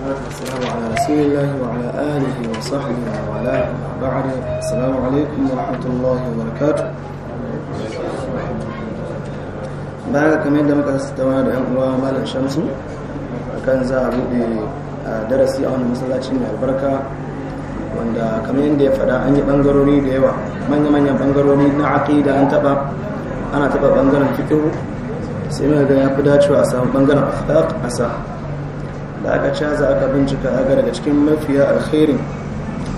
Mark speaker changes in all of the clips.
Speaker 1: والصلاة والسلام
Speaker 2: على رسول الله وعلى آله وصحبه وعلى بعد السلام عليكم ورحمة الله وبركاته bayan kamar yadda muka tattauna da yan uwa malam shamsu akan za a buɗe darasi a wani masallacin mai albarka wanda kamar yadda ya faɗa an yi ɓangarori da yawa manya-manyan ɓangarori na aƙida an taɓa ana taɓa ɓangaren fikihu sai mai ya fi dacewa a a da aka caza aka bincika aga daga cikin mafiya alkhairin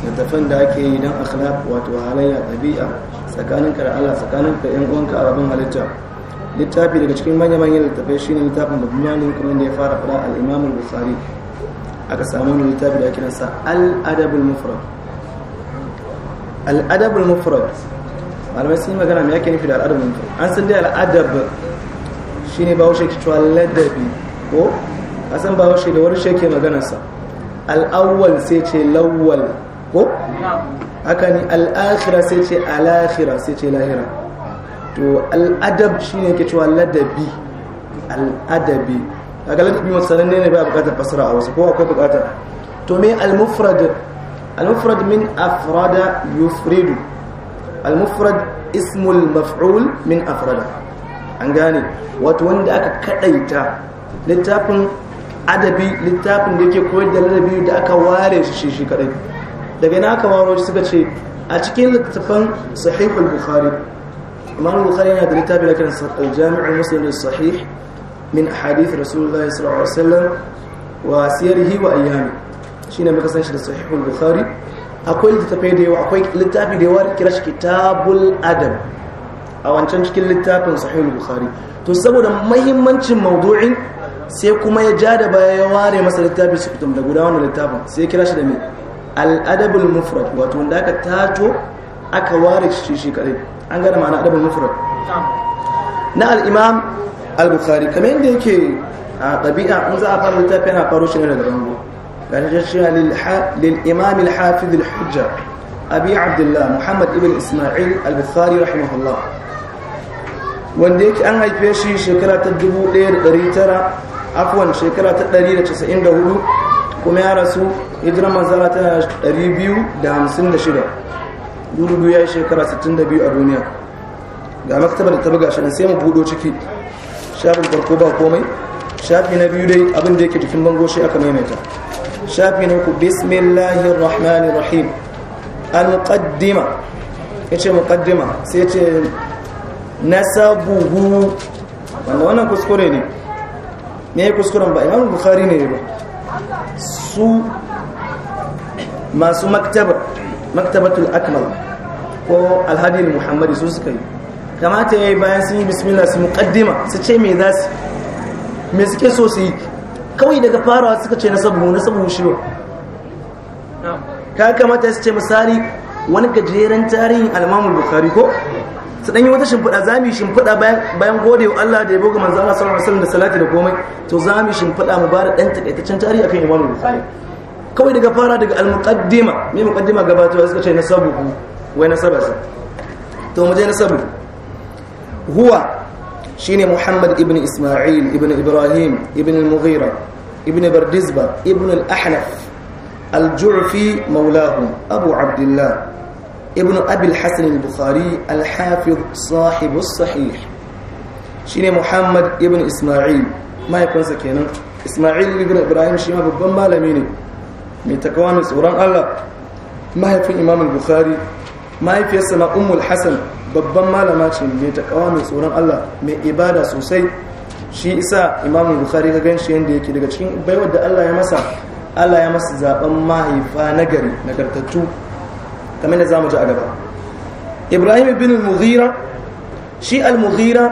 Speaker 2: littafin da ake yi don akhlaq wato halayya ɗabi'a tsakaninka da Allah tsakaninka da ƴan uwanka a rabin halitta littafi daga cikin manya-manyan littafai shine littafin mabnani kuma da ya fara fara al-imam al-bukhari aka samu wani littafi da ake nasa al-adab al-mufrad al-adab al-mufrad malamai sun yi magana me yake nufi da al-adab al-mufrad an san dai al-adab shine bawo shi cewa ladabi ko san ba washe da wani sheke maganarsa al'awwal sai ce lawwal ko haka ne al'akhira sai ce al'akhira sai ce lahira to al'adab shi ne ke cewa ladabi al'adabi a galar ibi masu sananne ne ba bukatar fasara a wasu ko akwai bukatar to me al-mufrad al-mufrad min afrada yufridu al-mufrad ismul maf'ul min afrada an gane wato wanda aka kadaita littafin adabi littafin da yake koyar da ladabi da aka ware su shi shi kadai daga na aka waro su suka ce a cikin littafin al bukhari imam bukhari yana da littafin da kansa al al muslim sahih min ahadith rasulullahi sallallahu alaihi wasallam wa sirrihi wa ayami shine muka san shi da al bukhari akwai littafin da yawa akwai littafin da yawa kira shi kitabul adab a wancan cikin littafin al bukhari to saboda muhimmancin mawdu'in sai kuma ya ja da baya ya ware masa littafi su fitum da guda wannan littafin sai kira shi da mai al'adabul mufrad wato wanda aka tato aka ware shi shi kadai an gane ma'ana adabul mufrad na al-imam al-bukhari kamar yadda yake a ɗabi'a in za a fara littafi yana faro shi ne daga rango gashi shi lil imam al-hafiz al-hujja abi abdullah muhammad ibn isma'il al-bukhari rahimahullah wanda yake an haife shi shekara ta 1900 afwan shekara ta 194 kuma ya rasu hijirar manzara ta 256 dudu ya yi shekara 62 a duniya ga maktaba da ta buga shi sai mu budo ciki shafin farko ba komai shafi na biyu dai abin da yake jikin bango shi aka maimaita shafi na uku bismillahir rahmanir rahim an qaddima yace muqaddima sai yace nasabuhu wannan kuskure ne me ya kuskuren ba imam bukhari ne ba su masu maktaba maktabatul akmal ko alhadi muhammadi su suka yi kamata ya yi bayan sun yi bismillah su muqaddima su ce me za su me suke so su yi kawai daga farawa suka ce na sabu na sabu shiwa ka kamata su ce misali wani gajeren tarihin almamul bukhari ko su dan yi wata shimfiɗa za mu yi shimfiɗa bayan gode wa Allah da ya boga manzan Allah sallallahu alaihi wasallam da salati da komai to za mu yi shimfiɗa mu bada ɗan takaitaccen tarihi akan Imam Bukhari kawai daga fara daga al-muqaddima me muqaddima gabatarwa suka ce nasabu wai sabasa to mu je sabu huwa shine Muhammad ibn Isma'il ibn Ibrahim ibn al-Mughira ibn Bardizba ibn al-Ahnaf al-Ju'fi maulahu Abu Abdullah ibn abil hassan al-bukhari al-hafiz sahibu sahih shine muhammad ibn isma'il kansa kenan isma'il ibn ibrahim shi ma babban malami ne mai takawa tsoron allah mahaifin imam al-bukhari mahaifiyarsa na ummul hassan babban malama ce mai takawa tsoron allah mai ibada sosai shi isa imam al-bukhari ka gan shi yadda yake daga cikin baiwar da allah ya masa allah ya masa zaben mahaifa nagari nagartattu kamar da mu ji a gaba ibrahim ibn al-mughira shi al-mughira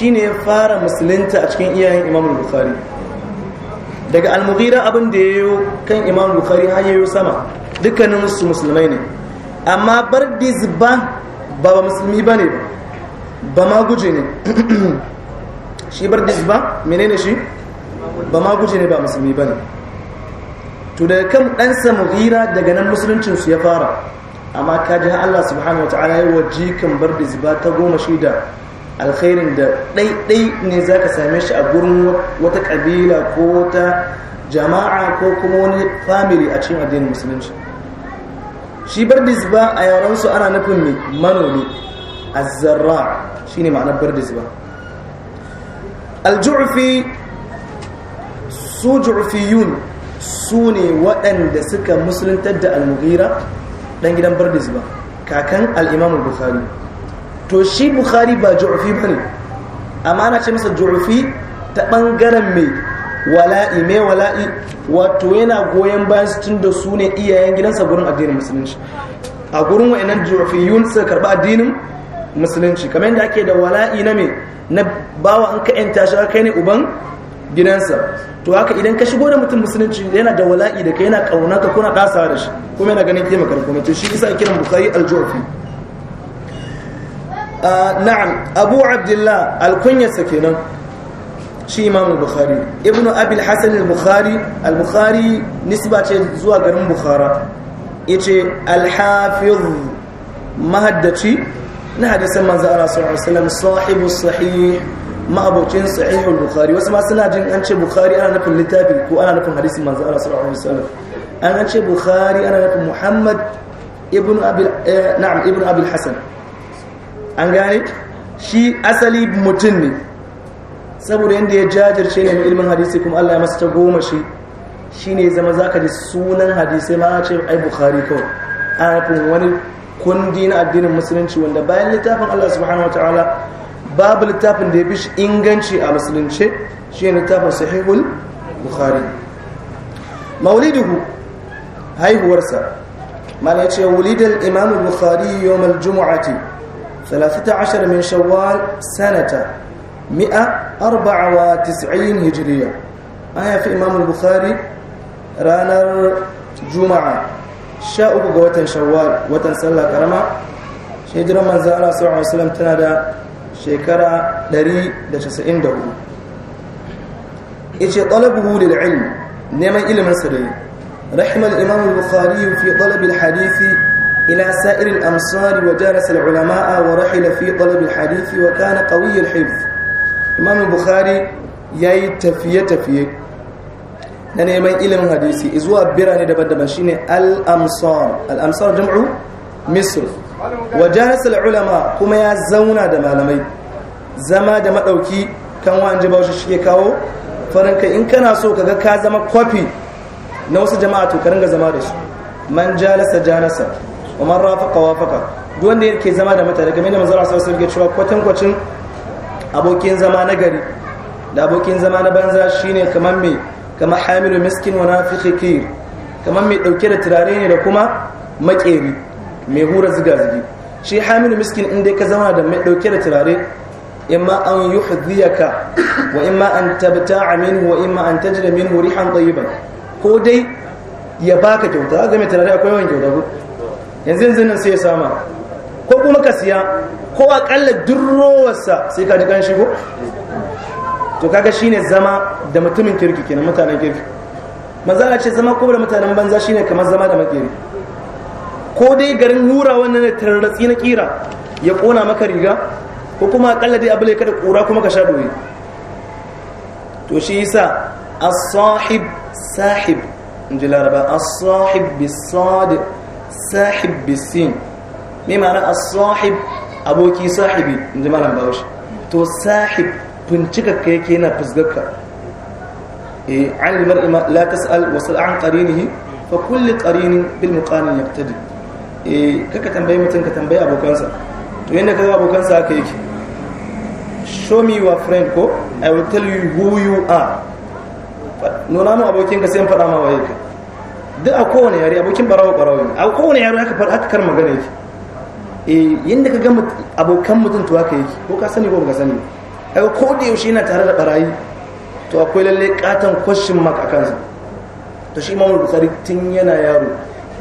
Speaker 2: ne ya fara musulunta a cikin iyayen imam al-bukhari daga al-mughira abin da ya yi kan imam al-bukhari har yi sama dukkanin su musulmai ne amma bar ba ba musulmi ba ne ba ma guje ne shi bardiz ba menene shi ba ma guje ne ba musulmi ne to daga kan ɗansa mughira daga nan musuluncinsu ya fara amma ka ji Allah subhanahu wataala ya wa jikan bar da ziba ta goma shida alkhairin da ɗaiɗai ne za ka same shi a gurin wata ƙabila ko wata jama'a ko kuma wani family a cikin addinin musulunci shi bar da ziba a ana nufin mai manomi azzarra ne ma'anar bar da ziba aljurfi su jufiyun su ne waɗanda suka musuluntar da almughira dan gidan bardis ba kakan al-imam bukhari to shi bukhari ba ju'fi bane amma ana ce masa ju'fi ta bangaren mai wala'i mai wala'i wato yana goyon bayan su tun da su ne iyayen gidansa gurin addinin musulunci a gurin wa'annan ju'fiyun suka karba addinin musulunci kamar yadda ake da wala'i na me na bawa an ka yanta shi kai ne uban gidansa to haka idan ka shigo da mutum musulunci yana da wala'i da kai yana kauna ka kuna kasawa da shi kuma yana ganin kima karkuma to shi isa kiran bukhari al ah, na'am abu abdullah al-kunyarsa kenan shi imam al-bukhari ibn abi al-hasan al-bukhari al-bukhari nisba ce zuwa garin bukhara yace al-hafiz mahaddaci na hadisan manzo Allah sallallahu alaihi sahibu sahih ma'abocin sahih al-bukhari wasu ma suna jin an ce bukhari ana nufin littafi ko ana nufin hadisin manzo Allah sallallahu alaihi wasallam an an ce bukhari ana nufin muhammad ibn abil eh, na'am ibn shi asali mutum ne saboda yadda ya jajirce ne ilmin hadisi kuma Allah ya masa ta goma shi shine ya zama zaka ji sunan hadisai ma ce ai bukhari kawai ana wani kundi na addinin musulunci wanda bayan littafin Allah subhanahu wataala babu littafin da ya fi inganci a musulunci shi ne littafin sahihul bukhari mauliduhu haihuwarsa mana ce wulidal imam bukhari yawm al-jum'ati 13 min shawwal sanata 194 hijriya an haifi imam bukhari ranar juma'a 13 ga watan shawwal watan sallah karama hijiran manzo Allah sallallahu alaihi wasallam tana da shekara 194 yace talabuhu lil ilm neman ilimin sa da yi رحم الإمام البخاري في طلب الحديث إلى سائر الأمصار وجالس العلماء ورحل في طلب الحديث وكان قوي الحفظ إمام البخاري ياي تفيه تفيه na neman ilimin hadisi zuwa birane daban-daban shine al-amsar al-amsar jam'u misr wa jalasa kuma ya zauna da malamai zama da maɗauki kan wanje bawo shi kawo faranka in kana so kaga ka zama kwafi na wasu jama'a to karin ga zama da su man jalasa jalasa wa man rafaqa wafaqa duk wanda yake zama da mutane kamar yadda manzo Allah sallallahu alaihi wasallam ya cewa kwatankwacin abokin zama na gari da abokin zama na banza shine kamar mai kamar hamilu miskin wa nafiqi kir kamar mai dauke da turare ne da kuma makeri mai hura ziga zigi shi hamilu miskin in dai ka zama da mai dauke da turare imma an yuhdiyaka wa imma an tabta'a minhu wa imma an tajra minhu rihan tayyiban ko dai ya baka kyauta a game tunani akwai yawan kyauta ko yanzu yanzu nan sai ya sama ko kuma ka siya ko akalla durrowarsa sai ka ji kan shigo to kaga shine zama da mutumin kirki kenan mutanen kirki Maza a ce zama ko da mutanen banza shine kamar zama da makeri ko dai garin hura wannan da tarratsi na kira ya kona maka riga ko kuma akalla dai abu ka kada kura kuma ka sha doye to shi yasa as-sahib sahib in ji laraba as-sahib bis-sad sahib bis-sin me a as-sahib aboki sahibi in ji to sahib bincika kai yake yana fusgarka eh an mar'i la tas'al wa sal an qarinihi fa kulli qarinin bil muqarin yaqtadi eh kaka tambayi mutum ka tambayi abokansa to yanda kaga abokansa haka yake show me your friend ko i will tell you who you are nuna min abokinka sai in faɗa ma waye ka duk a kowane yare abokin barawo barawo ne a kowane yare haka haka kar magana yake eh yanda ka ga abokan mutum to haka yake ko ka sani ko baka sani ai ko da yaushe yana tare da barayi to akwai lalle katan question mark a kansa to shi Imam Bukhari tun yana yaro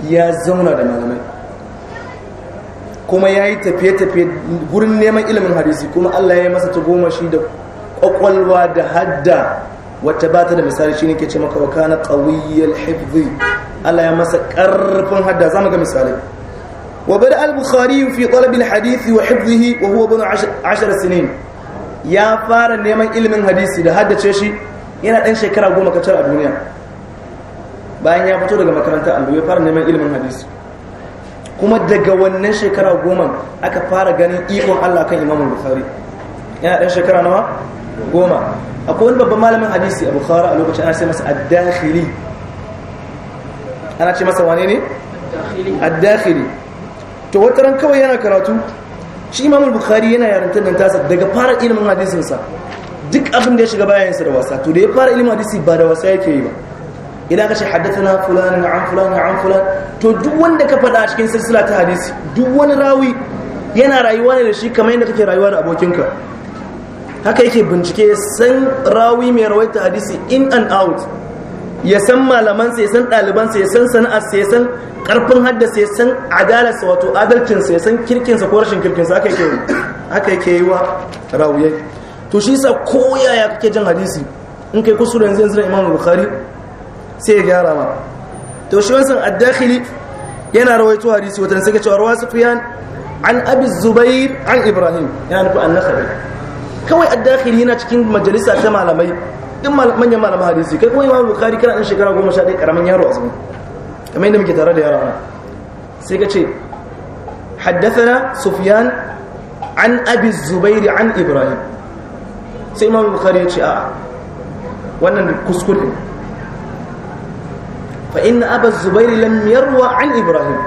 Speaker 2: ya zauna da malamai kuma ya yi tafiye-tafiye gurin neman ilimin hadisi kuma Allah ya yi masa tagomashi da kwakwalwa da hadda wacce ba ta da misali shi ke ce maka wa kana alaya hibzi Allah ya masa karfin hadda mu ga misali wa bada al-bukhari fi talab al-hadith wa hibzihi wa huwa bin 10 sinin ya fara neman ilmin hadisi da haddace shi yana dan shekara goma kacal a duniya bayan ya fito daga makarantar allo ya fara neman ilmin hadisi kuma daga wannan shekara goma aka fara ganin ikon Allah kan imamul bukhari yana dan shekara nawa goma akwai wani babban malamin hadisi a bukhara a lokacin ana ce masa addakhili ana ce masa wane ne addakhili to wata ran kawai yana karatu shi imam bukhari yana yarantar da tasa daga fara ilimin hadisinsa duk abin da ya shiga sa da wasa to da ya fara ilimin hadisi ba da wasa yake yi ba idan ka ce haddathana fulan an fulan an fulan to duk wanda ka faɗa a cikin silsila ta hadisi duk wani rawi yana rayuwa ne da shi kamar yadda kake rayuwa da abokinka haka yake bincike san rawi mai rawaita hadisi in and out ya san malaman ya san ɗalibansa ya san sana'arsa ya san ƙarfin hadda ya san adalarsa wato adalcin ya san sa ko rashin sa haka yake haka yake yi wa rawiyai to shi sa ko yaya kake jin hadisi in kai kusur yanzu yanzu na imam bukhari sai ya gyara ma to shi wannan addakhili yana rawaito hadisi wata sai ka cewa rawasu fiyan an abi zubair an ibrahim yana nufi an kawai a dakhili yana cikin majalisa ta malamai din manyan malaman hadisi kai kuma imamu bukhari kana dan shekara 11 karamin yaro a zaman kamar yadda muke tare da yara sai ka ce haddathana sufyan an abi zubair an ibrahim sai imamu bukhari ya ce a wannan kuskure fa inna abu zubair lam yarwa an ibrahim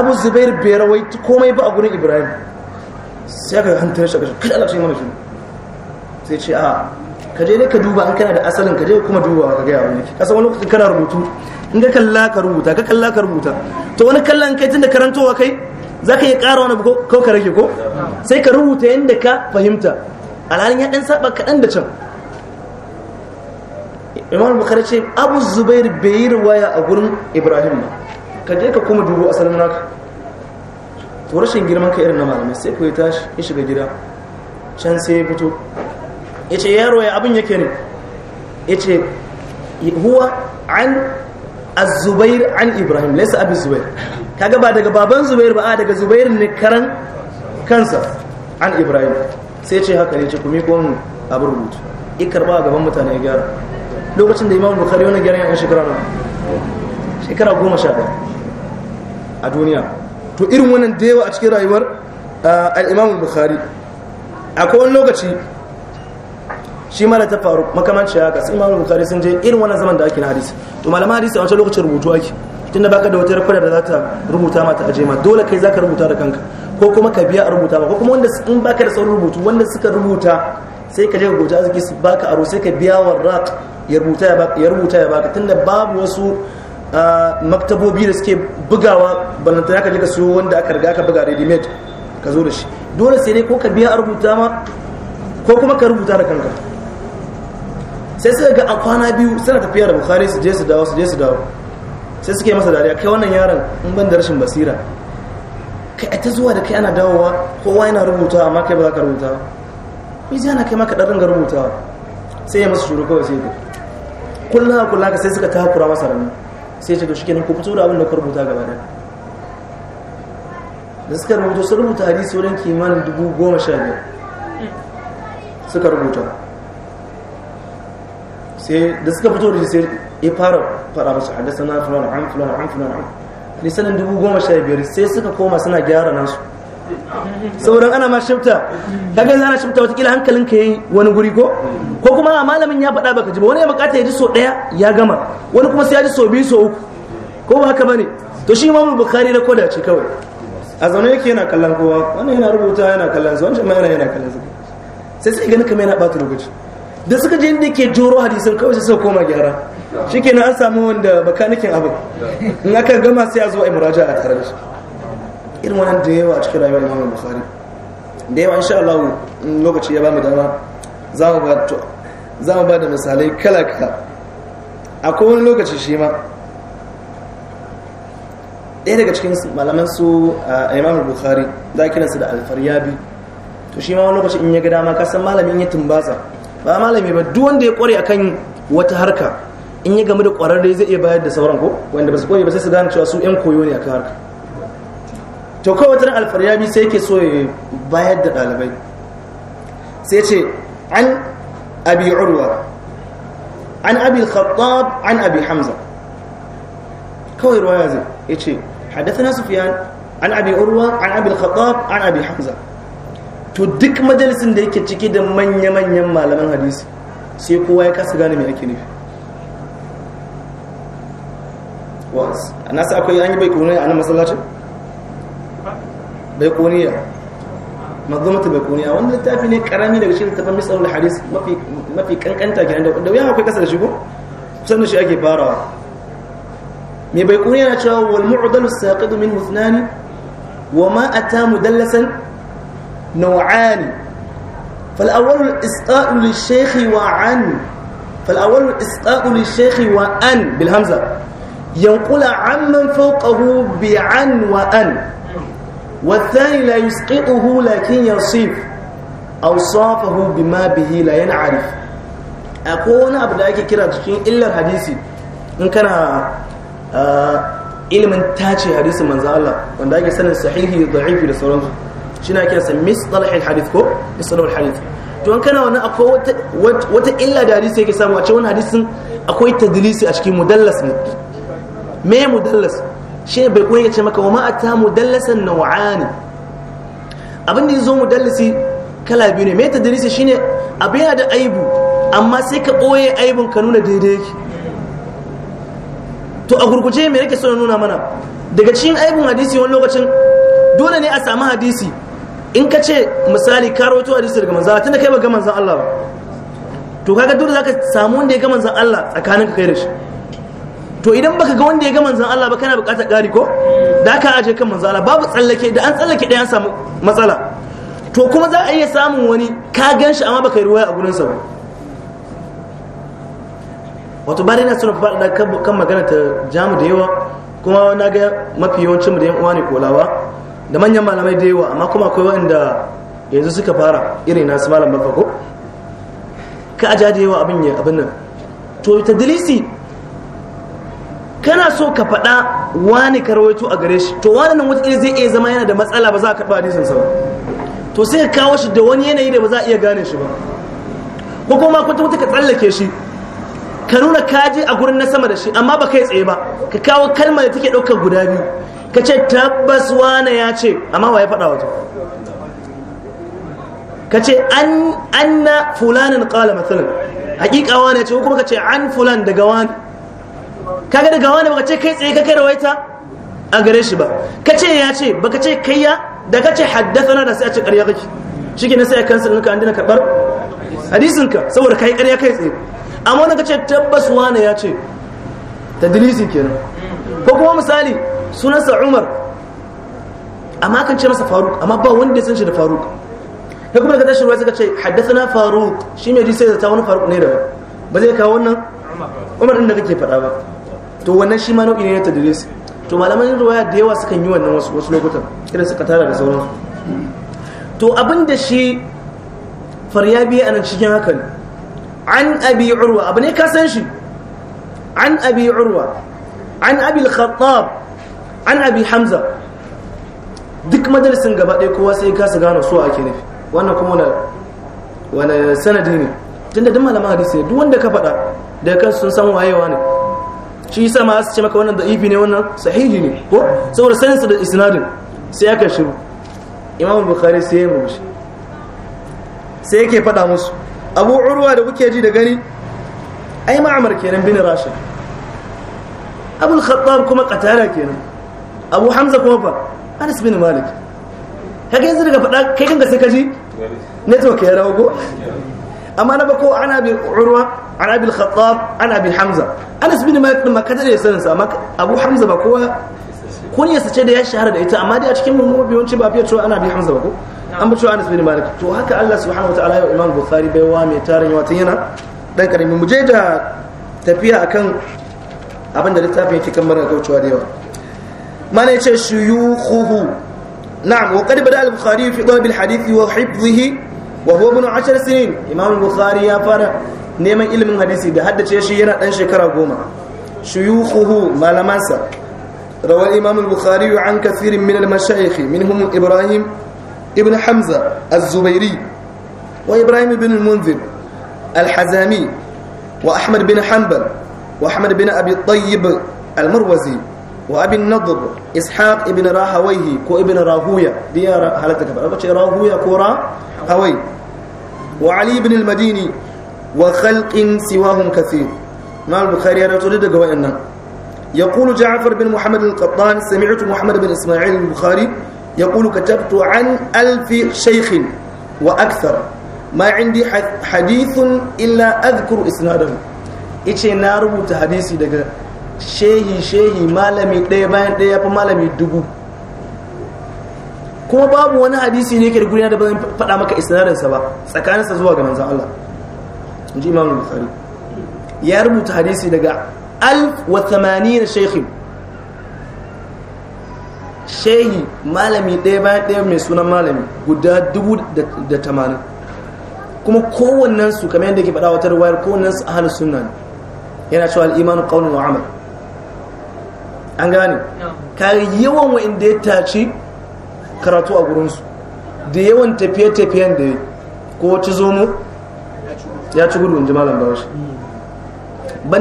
Speaker 2: abu zubair bai rawaita komai ba a gurin ibrahim sai ka hantar shi kashe kada Allah mana shi sai ce a ka je ne ka duba an kana da asalin ka je kuma duba ka gaya wani ka san wani lokacin kana rubutu in ka kalla ka rubuta ka kalla ka rubuta to wani kallon kai tunda karantowa kai za ka iya ƙara wani ko ka rage ko sai ka rubuta yadda ka fahimta alhalin ya ɗan saba kaɗan da can imam bukari ce abu zubair bai yi riwaya a gurin ibrahim ba ka je ka kuma dubo asalin naka to rashin girman ka irin na malamai sai ku tashi ya shiga gida can sai ya fito ya ce yaro ya abin yake ne ya ce huwa an azubair an ibrahim laisa abin zubair kaga ba daga baban zubair ba a daga zubair ne karan kansa an ibrahim sai ce haka ne ce kuma ko kowanne abin rubutu ya karba a gaban mutane ya gyara lokacin da imam bukari wani gyaran yan shekara shekara goma sha ɗaya a duniya to irin wannan da yawa a cikin rayuwar uh, al'imamun bukhari akwai wani lokaci shi ma da ta faru makamanci haka kasu imamun bukhari sun je irin wannan zaman da ake na hadisi to malama hadisi a wancan lokacin rubutu ake tunda baka da wata rakwada da za ta rubuta mata aje ma dole kai za ka rubuta da kanka ko kuma ka biya a rubuta ba ko kuma wanda in baka da sauran rubutu wanda suka rubuta sai ka je ka goji arziki su baka aro sai ka biya wa rak ya rubuta ya baka da babu wasu maktabobi da suke bugawa balantana ka je ka siyo wanda aka riga ka buga ready made ka zo da shi dole sai dai ko ka biya a rubuta ma ko kuma ka rubuta da kanka sai suka ga a kwana biyu suna tafiya da bukhari su je su dawo su je su dawo sai suke masa dariya kai wannan yaron in ban da rashin basira kai a ta zuwa da kai ana dawowa kowa yana rubutawa amma kai ba za ka rubuta ba me zai ana kai maka ka dan rubutawa sai ya masa shuru kawai sai ya kullum haka kullum haka sai suka hakura masa rana. sai ta shi kenan ku fito da abin da ku rubuta gaba da da suka rubuta sun rubuta hadisi wurin kimanin dubu goma sha biyar suka rubuta sai da suka fito da shi sai ya fara fara masu haddasa na fulani an fulani an fulani an dubu goma sha biyar sai suka koma suna gyara nasu sauran ana ma shimta kaga yanzu ana shifta watakila hankalin ka yi wani guri ko ko kuma malamin ya faɗa baka ji ba wani ya bukata ya ji so ɗaya ya gama wani kuma sai ya ji so biyu so uku ko ba haka bane to shi imamu bukhari na koda ce kawai a zaune yake yana kallon kowa wannan yana rubuta yana kallon su wani yana yana kallon su sai sai ganin kamar yana ɓata lokaci da suka je inda ke joro hadisin kawai sai suka koma gyara shikenan an samu wanda bakanikin abin in aka gama sai a zo a muraja a tare da shi irin wannan da yawa a cikin rayuwar Muhammadu bukhari da yawa insha Allah lokaci ya bamu dama za mu ba za mu ba da misalai kala kala akwai wani lokaci shi ma ɗaya daga cikin malaman su a imam bukhari za a kiransa da alfaryabi to shi ma wani lokaci in ya ga dama ka san malamin ya tumbasa ba malami ba duk wanda ya kware akan wata harka in ya gamu da kwararre zai iya bayar da sauran ko wanda ba su kware ba sai su gane cewa su yan koyo ne akan harka to kawai wata alfaryami sai yake so ya bayar da ɗalibai sai ce an abi urwa an abi khattab an abi hamza kawai ruwa ya zai ya ce haddathana sufyan an abi urwa an abi khattab an abi hamza to duk majalisin da yake ciki da manya-manyan malaman hadisi sai kowa ya kasa gane mai ake nufi was a nasa akwai an yi bai kuna a nan masallacin بيقونية منظومة بيكونية وانا التافي نيك كرامي لو شيء تفهم مسألة الحديث ما في ما في كان كان تاكي عنده لو ياما في كسر شبه وصلنا شيء أجي بارا مي بيقونية شو والمعضل الساقط منه اثنان وما أتى مدلسا نوعان فالأول الإسقاء للشيخ وعن فالأول الإسقاء للشيخ وأن بالهمزة ينقل عمن فوقه بعن وأن والثاني لا يسقطه لكن يصيب أوصافه بما به لا ينعرف أكون أبدأك كرا تشين إلا الحديث إن كان ilimin tace تاتي حديث من wanda الله sanin داك da صحيح ضعيف sauransu شنا na سميس طلح الحديث كو misdalahil الحديث to an kana wannan akwai wata illa da hadisi yake samu a cikin wannan hadisin akwai tadlisi a cikin mudallas ne me mudallas shi bai koyi ya ce maka wa ma'ata mudallasan nau'ani abin da ya zo mudallasi kala biyu ne mai shi ne abu yana da aibu amma sai ka ɓoye aibun ka nuna daidai ki to a gurguje me rike so nuna mana daga cikin aibun hadisi wani lokacin dole ne a samu hadisi in ka ce misali ka rawaito hadisi daga manzan Allah tunda kai ba ga manzan Allah ba to kaga dole zaka samu wanda ya ga manzan Allah tsakanin ka kai da shi to idan baka ga wanda ya ga manzan Allah ba kana bukatar gari ko da ka aje kan manzan Allah babu tsallake da an tsallake ɗaya an samu matsala to kuma za a iya samun wani ka gan shi amma baka yi ruwaya a gurinsa ba wato ba na suna faɗa kan magana ta jamu da yawa kuma na ga mafi yawancin mu da yan uwa ne kolawa da manyan malamai da yawa amma kuma akwai waɗanda yanzu suka fara irin nasu malam bafa ko ka aja da yawa abin abin nan to tadlisi kana so ka faɗa wani ka rawaito a gare shi to wani nan ɗaya zai iya zama yana da matsala ba za a karɓa hadisin sa ba to sai ka kawo shi da wani yanayi da ba za a iya gane shi ba ko kuma kwata wata ka tsallake shi ka nuna kaji a gurin na sama da shi amma ba kai tsaye ba ka kawo kalmar da take ɗaukar guda biyu ka ce tabbas wani ya ce amma wa ya faɗa wato ka ce an na fulanin ƙala matsalin hakika wani ya ce ko kuma ka ce an fulan daga wani kaga daga wani baka ce kai tsaye ka kai rawaita a gare shi ba ka ce ya ce baka ce kai ya da ka ce haddathana da sai a ce ƙarya kake shi ke nasa ya kansa ɗinka an andina karɓar hadisinka saboda kai ƙarya kai tsaye amma wani ka ce tabbas wani ya ce ta tadrisi kenan ko kuma misali sunansa Umar amma kan ce masa Faruk amma ba wanda ya san shi da Faruk kai kuma ka tashi ruwa suka ce na Faruk shi mai ji da ta wani Faruk ne da ba zai kawo wannan Umar din da kake faɗa ba to wannan shi ma nau'i ne na tadris to malaman ruwaya da yawa sukan yi wannan wasu wasu lokutan irin suka tara da sauran to abin da shi faryabi a nan cikin hakan an abi urwa abu ne ka san shi an abi urwa an abi al-khattab an abi hamza duk majalisin gaba ɗaya kowa sai ka su gano so ake nufi wannan kuma wani sanadi ne tunda duk malaman hadisi duk wanda ka faɗa da kansu sun san wayewa ne shi yasa ma su ce maka wannan da'ifi ne wannan sahihi ne ko saboda sanin sa da isnadin sai aka shiru imamu bukhari sai ya rubuce sai yake faɗa musu abu urwa da kuke ji da gani ai ma'amar kenan bin rashid abu al-khattab kuma qatara kenan abu hamza kuma fa anas bin malik kaga yanzu daga faɗa kai kanka sai ka ji network ya rawo go amma na bako ana bi urwa an abil khattab an abi hamza anas bin malik din makka da sanin sa abu hamza ba kowa kunya sace da ya shahara da ita amma dai a cikin mu biyanci ba fiye cewa ana bi hamza ba ko an bi cewa anas bin malik to haka Allah subhanahu wataala ya imam bukhari bai wa mai tarin yawa yana dan karami mu je da tafiya akan abin da littafin yake kan mara kaucewa da yawa mana yace shuyukhuhu na'am wa qad bada al-bukhari fi dalb al-hadith wa hifdhihi wa huwa ibn 10 sinin imam bukhari ya fara neman ilimin hadisi da haddace shi yana dan shekara goma shuyukhuhu malamansa rawa imam al-bukhari an kathir min al-mashayikh minhum ibrahim ibn hamza az-zubairi wa ibrahim bin al-munzir al-hazami wa ahmad bin hanbal wa ahmad bin abi tayyib wa abi an-nadr ibn rahawayhi ko ibn rahuya diyara halata kabar ko ra hawai وعلي بن المديني wa khalqin siwahum kathir imam al-bukhari ya bin daga wayannan يقول جعفر بن محمد القطان سمعت محمد بن إسماعيل البخاري يقول كتبت عن ألف شيخ وأكثر ما عندي حديث إلا أذكر إسناده ice na rubuta hadisi daga shehi shehi malami daya bayan daya fa malami dubu kuma babu wani hadisi ne ke da na da ba fada maka isnadarsa ba tsakaninsa zuwa ga manzon Allah ji imam bukhari ya rubuta hadisi daga alf wa thamanina shaykhin shehi malami ɗaya bayan ɗaya mai sunan malami guda dubu da tamanin kuma kowannensu su kamar yadda ke faɗa wata ruwayar kowannensu su ahalus sunna yana cewa al'imanin ƙaunin wa an gane kare yawan inda ya tace karatu a gurinsu da yawan tafiye-tafiyen da ya ko ci zomo ya ci gudu in ji malam bawashi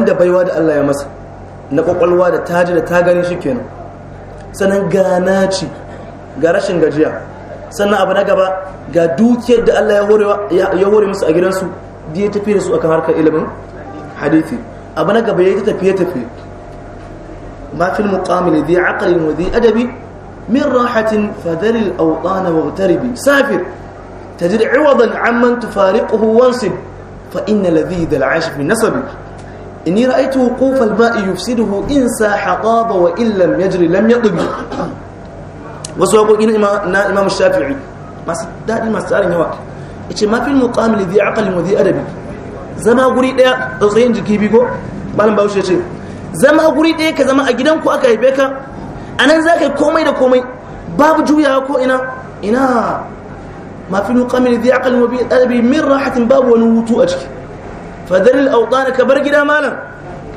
Speaker 2: da baiwa da Allah ya masa na kwakwalwa da taji da ta gani shi kenan sannan gana ci ga rashin gajiya sannan abu na gaba ga dukiyar da Allah ya hore musu a gidansu da ya tafi da su akan harkar ilimin hadithi abu na gaba ya yi tafiye tafiye ma fil muqamil dhi aqlin wa adabi min rahatin fadalil awqana wa taribi safir tajid iwadan amman tufariquhu wansib فإن لذيذ العيش في النسب إني رأيت وقوف الماء يفسده إن ساح طاب وإن لم يجري لم يطب وسوق إن إمام الشافعي ما سداد ما سأل نواك إيش ما في المقام الذي عقل وذي أدب زما غري ديا تسين جكي بيكو بالن باوشي شي زما غري ديا كزما أجدان كو أكا يبيكا أنا زاكي كومي دا كومي باب جويا كو إنا إنا ما في نقام ذي عقل مبين أبي من راحة باب ونوتو أجك فدر الأوطان كبرق لا مالا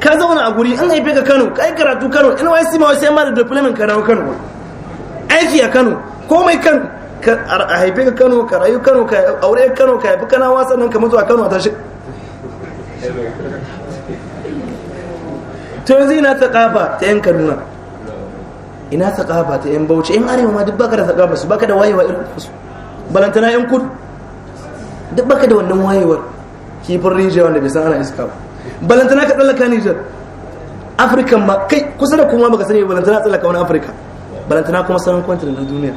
Speaker 2: كذا وانا أقولي أنا يبقى كانوا كأي كراتو كانوا أنا وأسي ما وأسي مالا دبلمن كانوا كانوا أيكي يا كانوا كوما يكن كأي بيك كانوا كرايو كانوا كأوري كانوا كأي بك أنا واسا نان كمتو أكانوا أتاشي تنزينا ثقافة تين كانونا إنا ثقافة تين بوش إن أريو ما دبا كرا ثقافة سبا كدا واي واي رفسو balantana yan kudu duk baka da wannan wayewar kifin rijiya wanda bai san ana iska ba balantana ka tsallaka nijar afirka ma kai kusa da kuma baka sani balantana tsallaka wani afirka balantana kuma sanar kwantar na duniya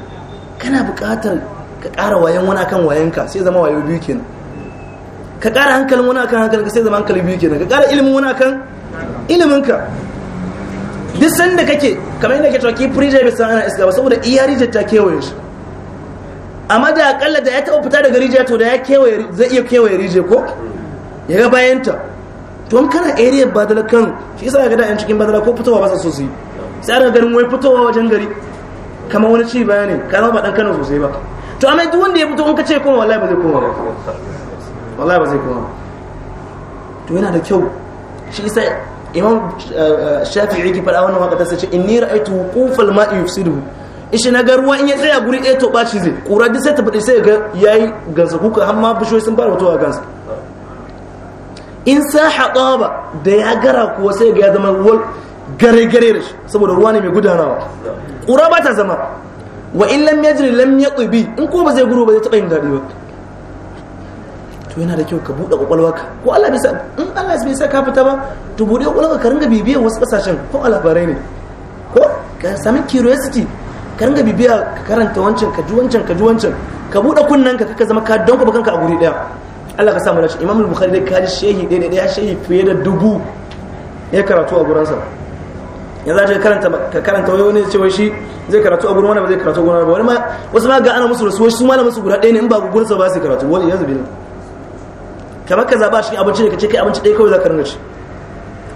Speaker 2: kana buƙatar ka ƙara wayan wani akan wayanka sai zama wayo biyu kenan ka ƙara hankalin wani akan hankalinka sai zama hankali biyu kenan ka ƙara ilimin wani akan iliminka duk sanda kake kamar yadda ke cewa ki frijiyar bai san ana iska ba saboda iya rijiyar ta kewaye shi amma da akalla da ya taɓa fita daga rijiya to da ya kewaye zai iya kewaye rijiya ko ya ga bayanta to in kana area badala kan shi yasa ga da yan cikin badala ko fitowa ba sa so su yi sai aka garin wai fitowa wajen gari kamar wani ci baya ne ka ba dan Kano sosai ba to amma duk wanda ya fito in ka ce koma wallahi ba zai koma ba wallahi ba zai koma to yana da kyau shi yasa imam eh, eh, shafi'i ki faɗa wannan waka ta sace inni ra'aytu qufal ma'i yufsiduhu ishi na garuwa in ya tsaya guri ɗaya to ɓaci zai ƙura duk sai ta faɗi sai ga ya yi gansa kuka har ma bishiyoyi sun fara mutuwa gansa in sa haɗawa ba da ya gara kuwa sai ga ya zama wal gare gare da shi saboda ruwa ne mai gudanawa ƙura ba ta zama wa in lam yajri lam ƙubi in ko ba zai guru ba zai taɓa yin daɗi ba to yana da kyau ka buɗe ƙwaƙwalwa ka ko Allah bai sa in Allah bai sa ka fita ba to buɗe ƙwaƙwalwa ka ringa bibiyar wasu ƙasashen ko alabarai ne ko ka sami curiosity ka ringa bibiya ka karanta wancan ka ji wancan ka ji wancan ka buɗe kunnen ka kaka zama ka don ku kanka a guri ɗaya Allah ka samu dace Imam Bukhari dai ji shehi ɗaya ɗaya shehi fiye da dubu ya karatu a gurinsa yanzu ka karanta ka karanta wani wani ce wai shi zai karatu a gurin wani ba zai karatu a gurin wani ba wasu ma ga ana musu rasuwa su malamin su guda ɗaya ne in ba gurin sa ba su karatu wani yanzu bin kamar ka zaba shi abinci ne ka ce kai abinci ɗaya kawai za ka ringa ci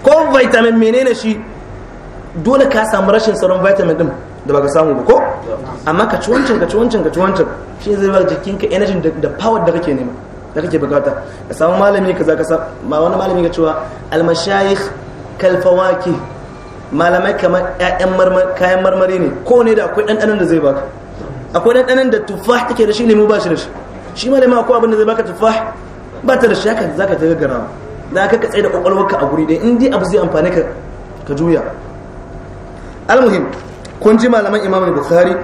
Speaker 2: ko vitamin menene shi dole ka samu rashin sauran vitamin din da baka samu ba ko amma ka ci wancan ka ci wancan ka ci wancan shi zai jikin jikinka energy da power da kake nema da kake bukata ka samu malami ka sa ma wani malami ka cewa almashayikh fawaki malamai kamar ƴaƴan kayan marmari ne ko ne da akwai ɗanɗanon da zai baka akwai ɗanɗanon da tufah take da shi mu ba shi da shi shi malami akwai abin da zai baka tufah ba ta da shi haka zaka ta gaggara da ka tsaye da kwakwalwarka a guri dai in dai abu zai amfane ka ka juya almuhim kun ji malaman imam bukhari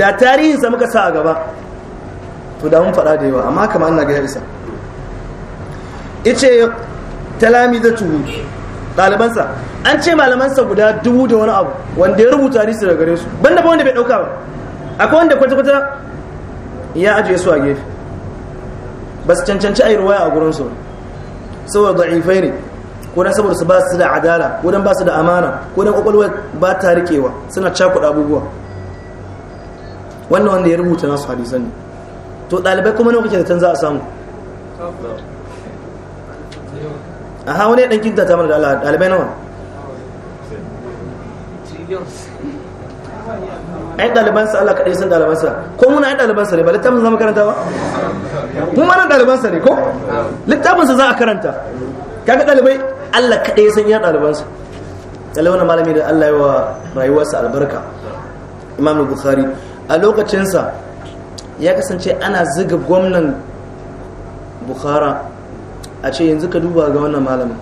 Speaker 2: da tarihin sa muka sa a gaba to da mun faɗa da yawa amma kamar Allah ga yarisa yace talamizatuhu ɗalibansa an ce malamansa guda dubu da wani abu wanda ya rubuta hadisi daga gare su banda ba wanda bai ɗauka ba akwai wanda kwata-kwata ya ajiye su a gefe ba su cancanci a yi ruwaya a gurinsu saboda da'ifai ne ko dan saboda su ba su da adala ko dan ba su da amana ko dan kokolwa ba ta rikewa suna cakuɗa abubuwa wannan wanda ya rubuta nasu hadisan ne to ɗalibai kuma nawa kake tan za a samu A ha, wani ɗan kinta ta mana da Allah ɗalibai nawa ai ɗalibansa Allah kaɗai sun ɗalibansa ko muna ai ɗalibansa ne ba littafin zama karanta ba mu ma na ɗalibansa ne ko littafinsa za a karanta kaga ɗalibai Allah kaɗai ya san ya ɗalibansa tsalle wani malami da Allah yawa rayuwarsa albarka imam bukhari a lokacinsa ya kasance ana ziga gwamnan bukhara a ce yanzu ka duba ga wannan malamin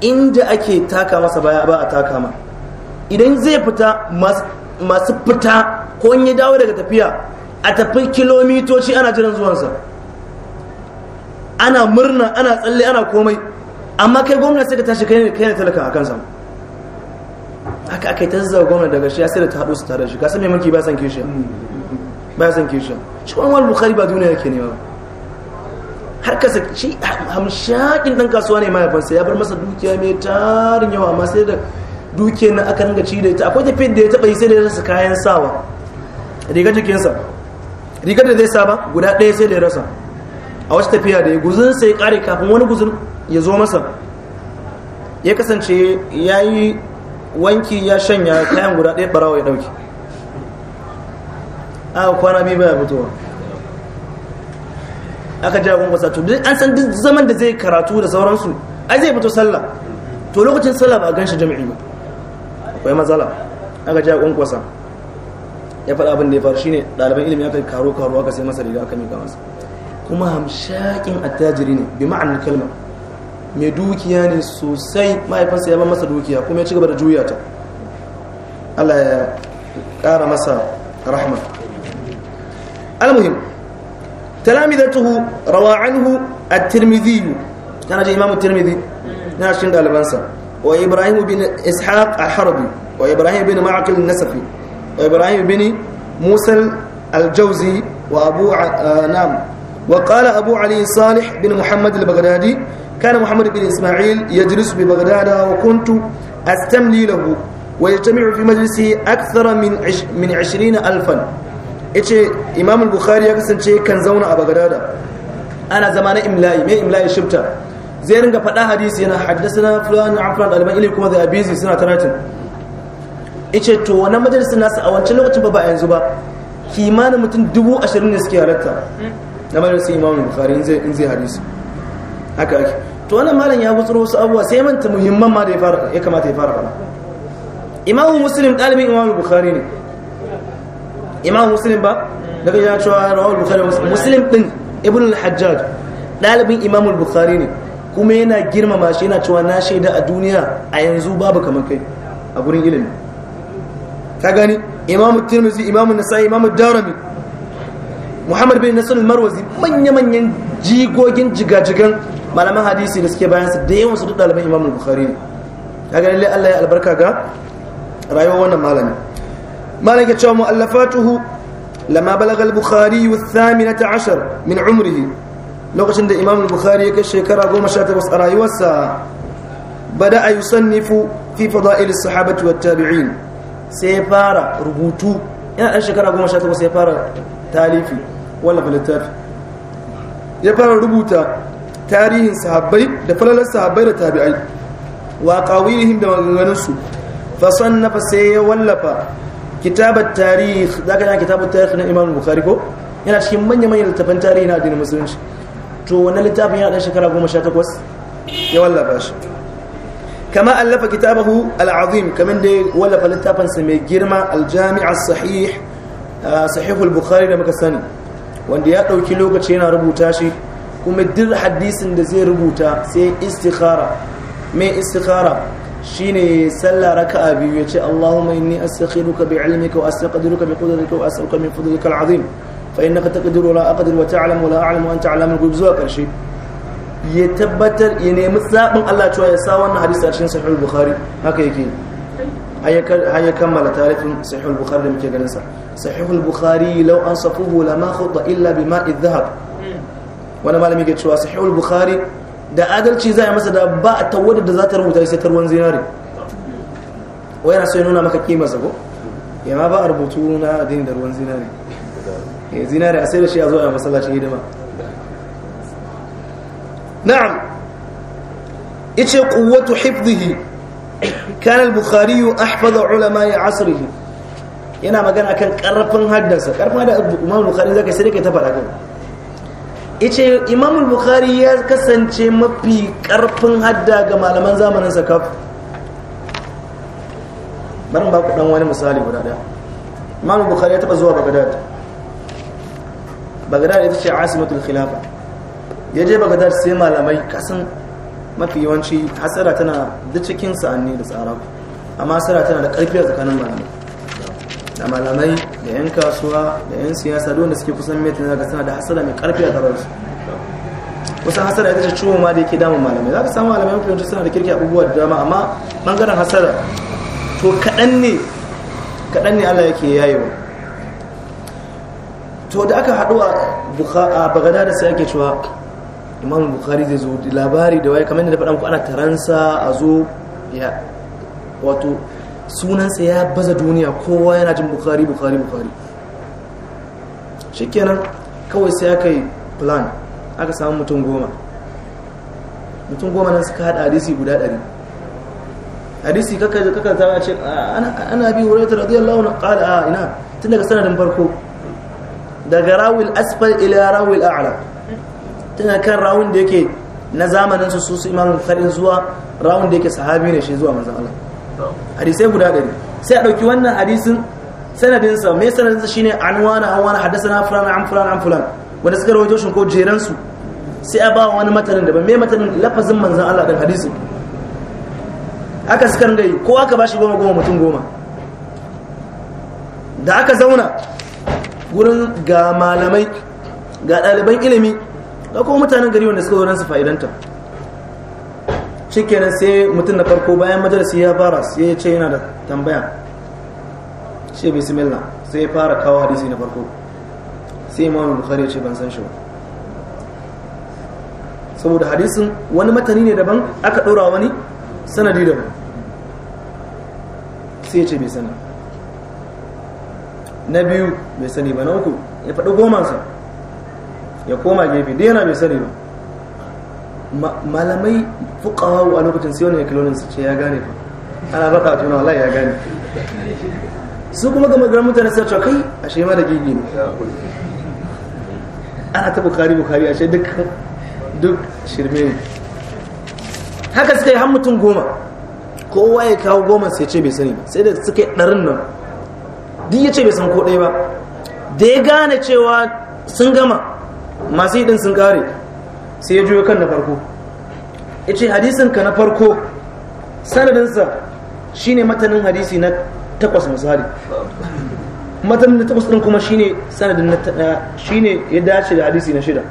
Speaker 2: inda ake taka masa baya ba a taka ma idan zai fita masu fita ko ya dawo daga tafiya a tafi kilomitoci ana jiran zuwansa ana murna ana tsalle ana komai amma kai gwamna sai da tashi kai ne kai ne talaka a kansa haka aka yi ta zazzawa gwamna daga shi sai da ta hadu su tare shi ka sami mulki ba san kishiya ba san kishiya shi wani wani bukari ba duniya yake ne ba har sa shi hamshakin dan kasuwa ne fansa ya bar masa dukiya mai tarin yawa amma sai da dukiyar na aka ringa ci da ita akwai tafiyar da ya taɓa yi sai da ya rasa kayan sawa rigar jikinsa rigar da zai saba guda ɗaya sai da ya rasa a wasu tafiya da ya guzun sai kare kafin wani guzun ya zo masa ya kasance ya yi wanki ya shanya kayan guda ɗaya ɓarawa ya ɗauki a kwana biyu baya fitowa aka ji agon wasa to an san duk zaman da zai karatu da sauransu ai zai fito sallah to lokacin sallah ba a ganshi jami'i ba akwai matsala aka ji agon wasa ya faɗa abin da ya faru shine ɗaliban ilimi aka karo karo aka sai masa riga aka mika masa kuma hamshakin attajiri ne bi ma'anar kalmar mai dukiya ne sosai mahaifinsa ya ba masa dukiya kuma ya ci gaba da juya ta Allah ya ƙara masa rahma almuhim talamidatuhu rawa anhu at-tirmidhi kana ji imamu tirmidhi na cikin dalibansa wa ibrahim bin ishaq al-harbi wa ibrahim bin ma'qil an-nasafi wa ibrahim bin musa al-jawzi wa abu na'am وقال أبو علي صالح بن محمد البغدادي كان محمد بن إسماعيل يجلس ببغداد وكنت أستملي له ويجتمع في مجلسه أكثر من عش من عشرين ألفا إيش إمام البخاري يقصد شيء كان زونا أبغداد أنا زمان إملائي ما إملائي شبتا zai ringa faɗa hadisi yana haddasa fulani an fulani ɗaliban ilimi kuma da abizi suna taratin ice to wannan majalisar nasa a wancan lokacin ba ba yanzu ba kimanin mutum dubu ashirin ne suke halarta. na majalisar imamu bukari in zai haka ake to wannan malam ya gutsuro wasu abubuwa sai manta muhimman ma da ya fara ya kamata ya fara fara imamu muslim dalibin imamu bukhari ne imamu muslim ba daga ya cewa rawal bukhari muslim din ibn al-hajjaj dalibin imamu bukhari ne kuma yana girmama shi yana cewa na shaida a duniya a yanzu babu kamar kai a gurin ilimi ka gani imamu tirmizi imamu nasa'i imamu darami muhammad bin nasar marwazi manya-manyan jigogin jigajigan malaman hadisi da suke bayan su da yawan su duk ɗaliban imamul bukhari ne kaga lalle Allah ya albarka ga rayuwar wannan malami malam ke cewa mu'allafatuhu lama balagha al-bukhari ath-thaminata 'ashar min umrihi lokacin da imamul bukhari ya kai shekara 18 a rayuwarsa bada yusannifu fi fada'il as-sahabati wa tabiin sai fara rubutu yana ɗan shekara 18 sai fara talifi wala littafi ya fara rubuta tarihin sahabbai da falalar sahabbai da tabi'ai wa qawilihim da maganganunsu fa sannafa sai ya wallafa kitabat tarih zaka ga kitabat tarih na Imam Bukhari ko yana cikin manyan manyan littafan tarihi na addinin musulunci to wannan littafin yana dan shekara 18 ya wallafa shi kama allafa kitabahu al-azim kaman da wallafa littafin sa mai girma al-jami' as-sahih ah, sahih al-bukhari da muka sani wanda ya dauki lokaci yana rubuta shi kuma duk hadisin da zai rubuta sai istikhara mai istikhara shine sallah raka'a biyu ya ce Allahumma inni astakhiruka bi ilmika wa astaqdiruka bi qudratika wa as'aluka min fadlika al'azim fa innaka taqdiru la aqdir wa ta'lamu la a'lamu wa anta 'alamul ghuyub zuwa karshe ya tabbatar ya nemi zabin Allah cewa ya sa wannan hadisi a cikin sahih al-bukhari haka yake har ya kammala tarihin sahih al-bukhari da muke ganin sa sahih al-bukhari law ansafuhu lama da illa bima'i dhahab wani malami ke cewa sahihul bukhari da adalci zai masa da ba a tawadda da za ta rubuta sai tarwan zinari wai yana sai nuna maka kima sabo ya ma ba a rubutu na addini da ruwan zinari ya eh, zinari a sai da shi a zo a masallacin hidima na'am ice quwwatu hifdhihi kana al-bukhari ahfadha ulama'i asrihi yana magana kan karfin haddasa karfin da Imam Bukhari zaka sai kai ta fara kai ice imamul bukhari ya kasance mafi karfin hadda ga malaman zamanin sa kaf Barin ba ku dan wani misali guda daya imamul bukhari ya taba zuwa bagdad bagdad ita ce asimatul khilafa ya je bagdad sai malamai kasan mafi yawanci hasara tana da cikin sa'anni da tsara amma hasara tana da karfi a tsakanin malamai da malamai da 'yan kasuwa da 'yan siyasa duk wanda suke kusan metin zaka suna da hasada mai karfi a tare su kusan hasara ita ce ciwo ma da yake damun malamai za ka samu malamai mafi yawanci suna da kirki abubuwa da dama amma bangaren hasara to kaɗan ne kaɗan ne allah yake yayewa to da aka haɗu a bagada da sai ake cewa imam bukhari zai zo labari da waye kamar yadda faɗa muku ana taransa a zo ya wato sunansa ya baza duniya kowa yana jin bukari bukari bukari shikenan kawai sai aka yi plan aka samu mutum goma mutum goma nan suka hada hadisi guda dari hadisi kakar zama ce ana bi wurin ta radiyallahu na kada a ina tun daga sanadin farko daga rawil asfal ila rawil a'la tana kan rawun da yake na zamanin su su imam al zuwa rawun da yake sahabi ne shi zuwa manzon Allah hadisai guda ɗari sai a ɗauki wannan hadisin sanadinsa mai sanadinsa shine an wani an wani haddasa na fulani an fulani an fulani wanda suka rawaito shi ko jeransu sai a ba wani matanin ba mai matanin lafazin manzan Allah ɗin hadisin aka suka rinda yi ko aka ba shi goma goma mutum goma da aka zauna gurin ga malamai ga ɗaliban ilimi ga kuma mutanen gari wanda suka zo su fa'idanta shikenan sai mutum na farko bayan majalisi ya fara sai ya ce yana da tambaya ce bismillah sai ya fara kawo hadisi na farko sai imamu bukhari ya ce ban san shi ba saboda hadisin wani matani ne daban aka ɗora wani sanadi daban sai ya ce bai sani na biyu bai sani ba na uku ya faɗi gomansa ya koma gefe dai yana bai sani ba malamai fuqaha a lokacin siyo ne kilonin su ce ya gane fa ana baka tuna wala ya gane su kuma gama maganar mutane sai ce kai ashe ma da gigi ne ana ta bukari bukari ashe duk duk shirme ne haka suka yi har mutum goma kowa ya kawo goma sai ce bai sani sai da suka yi ɗarin nan duk ya ce bai san ko ɗaya ba da ya gane cewa sun gama masu yi ɗin sun kare sai ya juyo kan na farko ya ce hadisinka na farko sanadinsa shine matanin hadisi na takwas misali matanin na takwas ɗin kuma shine sanadin na eh, ne ya dace da hadisi na shida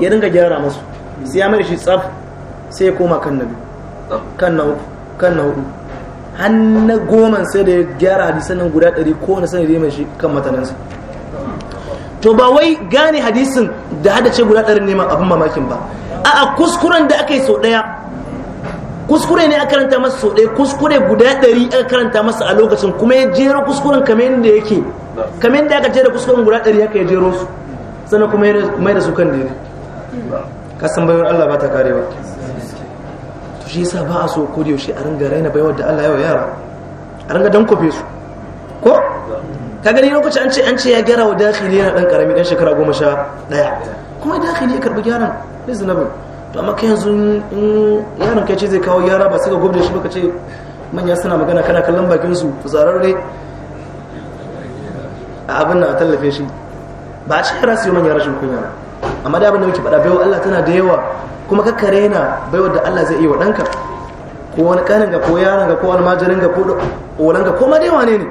Speaker 2: ya dinga gyara masu sai ya mai shi tsaf sai ya koma kan na biyu kan na hudu hannun goma sai da ya gyara hadisan nan guda ɗari ko wani sanadin mai shi kan matanansa to ba wai gane hadisin da hadace guda ɗarin neman abin mamakin ba a'a kuskuren da aka yi sau ɗaya kuskure ne aka karanta masa sau ɗaya kuskure guda ɗari aka karanta masa a lokacin kuma ya jero kuskuren kamar yadda yake kamar yadda aka jera kuskuren guda ɗari haka ya jero su sannan kuma ya mai da su kan daidai ka san bayar Allah ba ta karewa to shi yasa ba a so ko da yaushe a ringa raina baiwar da Allah yawa yara a ringa dan kofe su ko ka gani lokacin an ce an ce ya gyara wa dakhili yana dan karami dan shekara goma sha daya kuma dakhili ya karbi gyaran bai to amma kai yanzu in yaron kai ce zai kawo gyara ba su ga gwamnati shi baka ce manya suna magana kana kallon bakin su fitsararre a abin na a tallafe shi ba a ce yara su yi manya rashin kunya amma da abin da muke faɗa baiwa Allah tana da yawa kuma ka kare na baiwa da Allah zai iya wa ɗanka ko wani kanin ga ko yaron ga ko almajirin ga ko ɗolan ga ko ma dai wane ne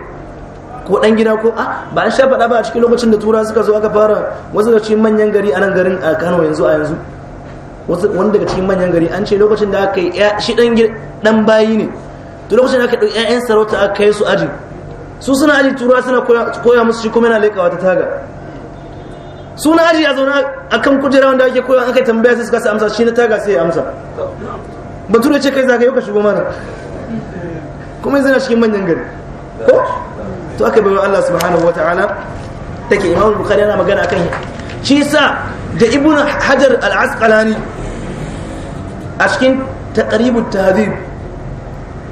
Speaker 2: ko dan gida ko a ah, ba an sha faɗa ba a cikin lokacin da tura suka zo aka fara wasu daga cikin manyan gari a nan garin a Kano yanzu a yanzu wasu wani daga cikin manyan gari an ce lokacin da aka yi shi dan dan bayi ne to lokacin da aka ɗauki ƴaƴan sarauta aka kai su aji su suna aji tura suna koya musu shi kuma yana lekawa ta taga suna aji a zaune a kan kujera wanda ake koya aka tambaya sai suka sa amsa shi na taga sai ya amsa bature ce kai zaka yau ka shigo mana kuma yanzu na cikin manyan gari ko to aka bai Allah subhanahu wataala take Imam Bukhari yana magana akan shi yasa da Ibn Hajar al-Asqalani a cikin taqrib at-tahdhib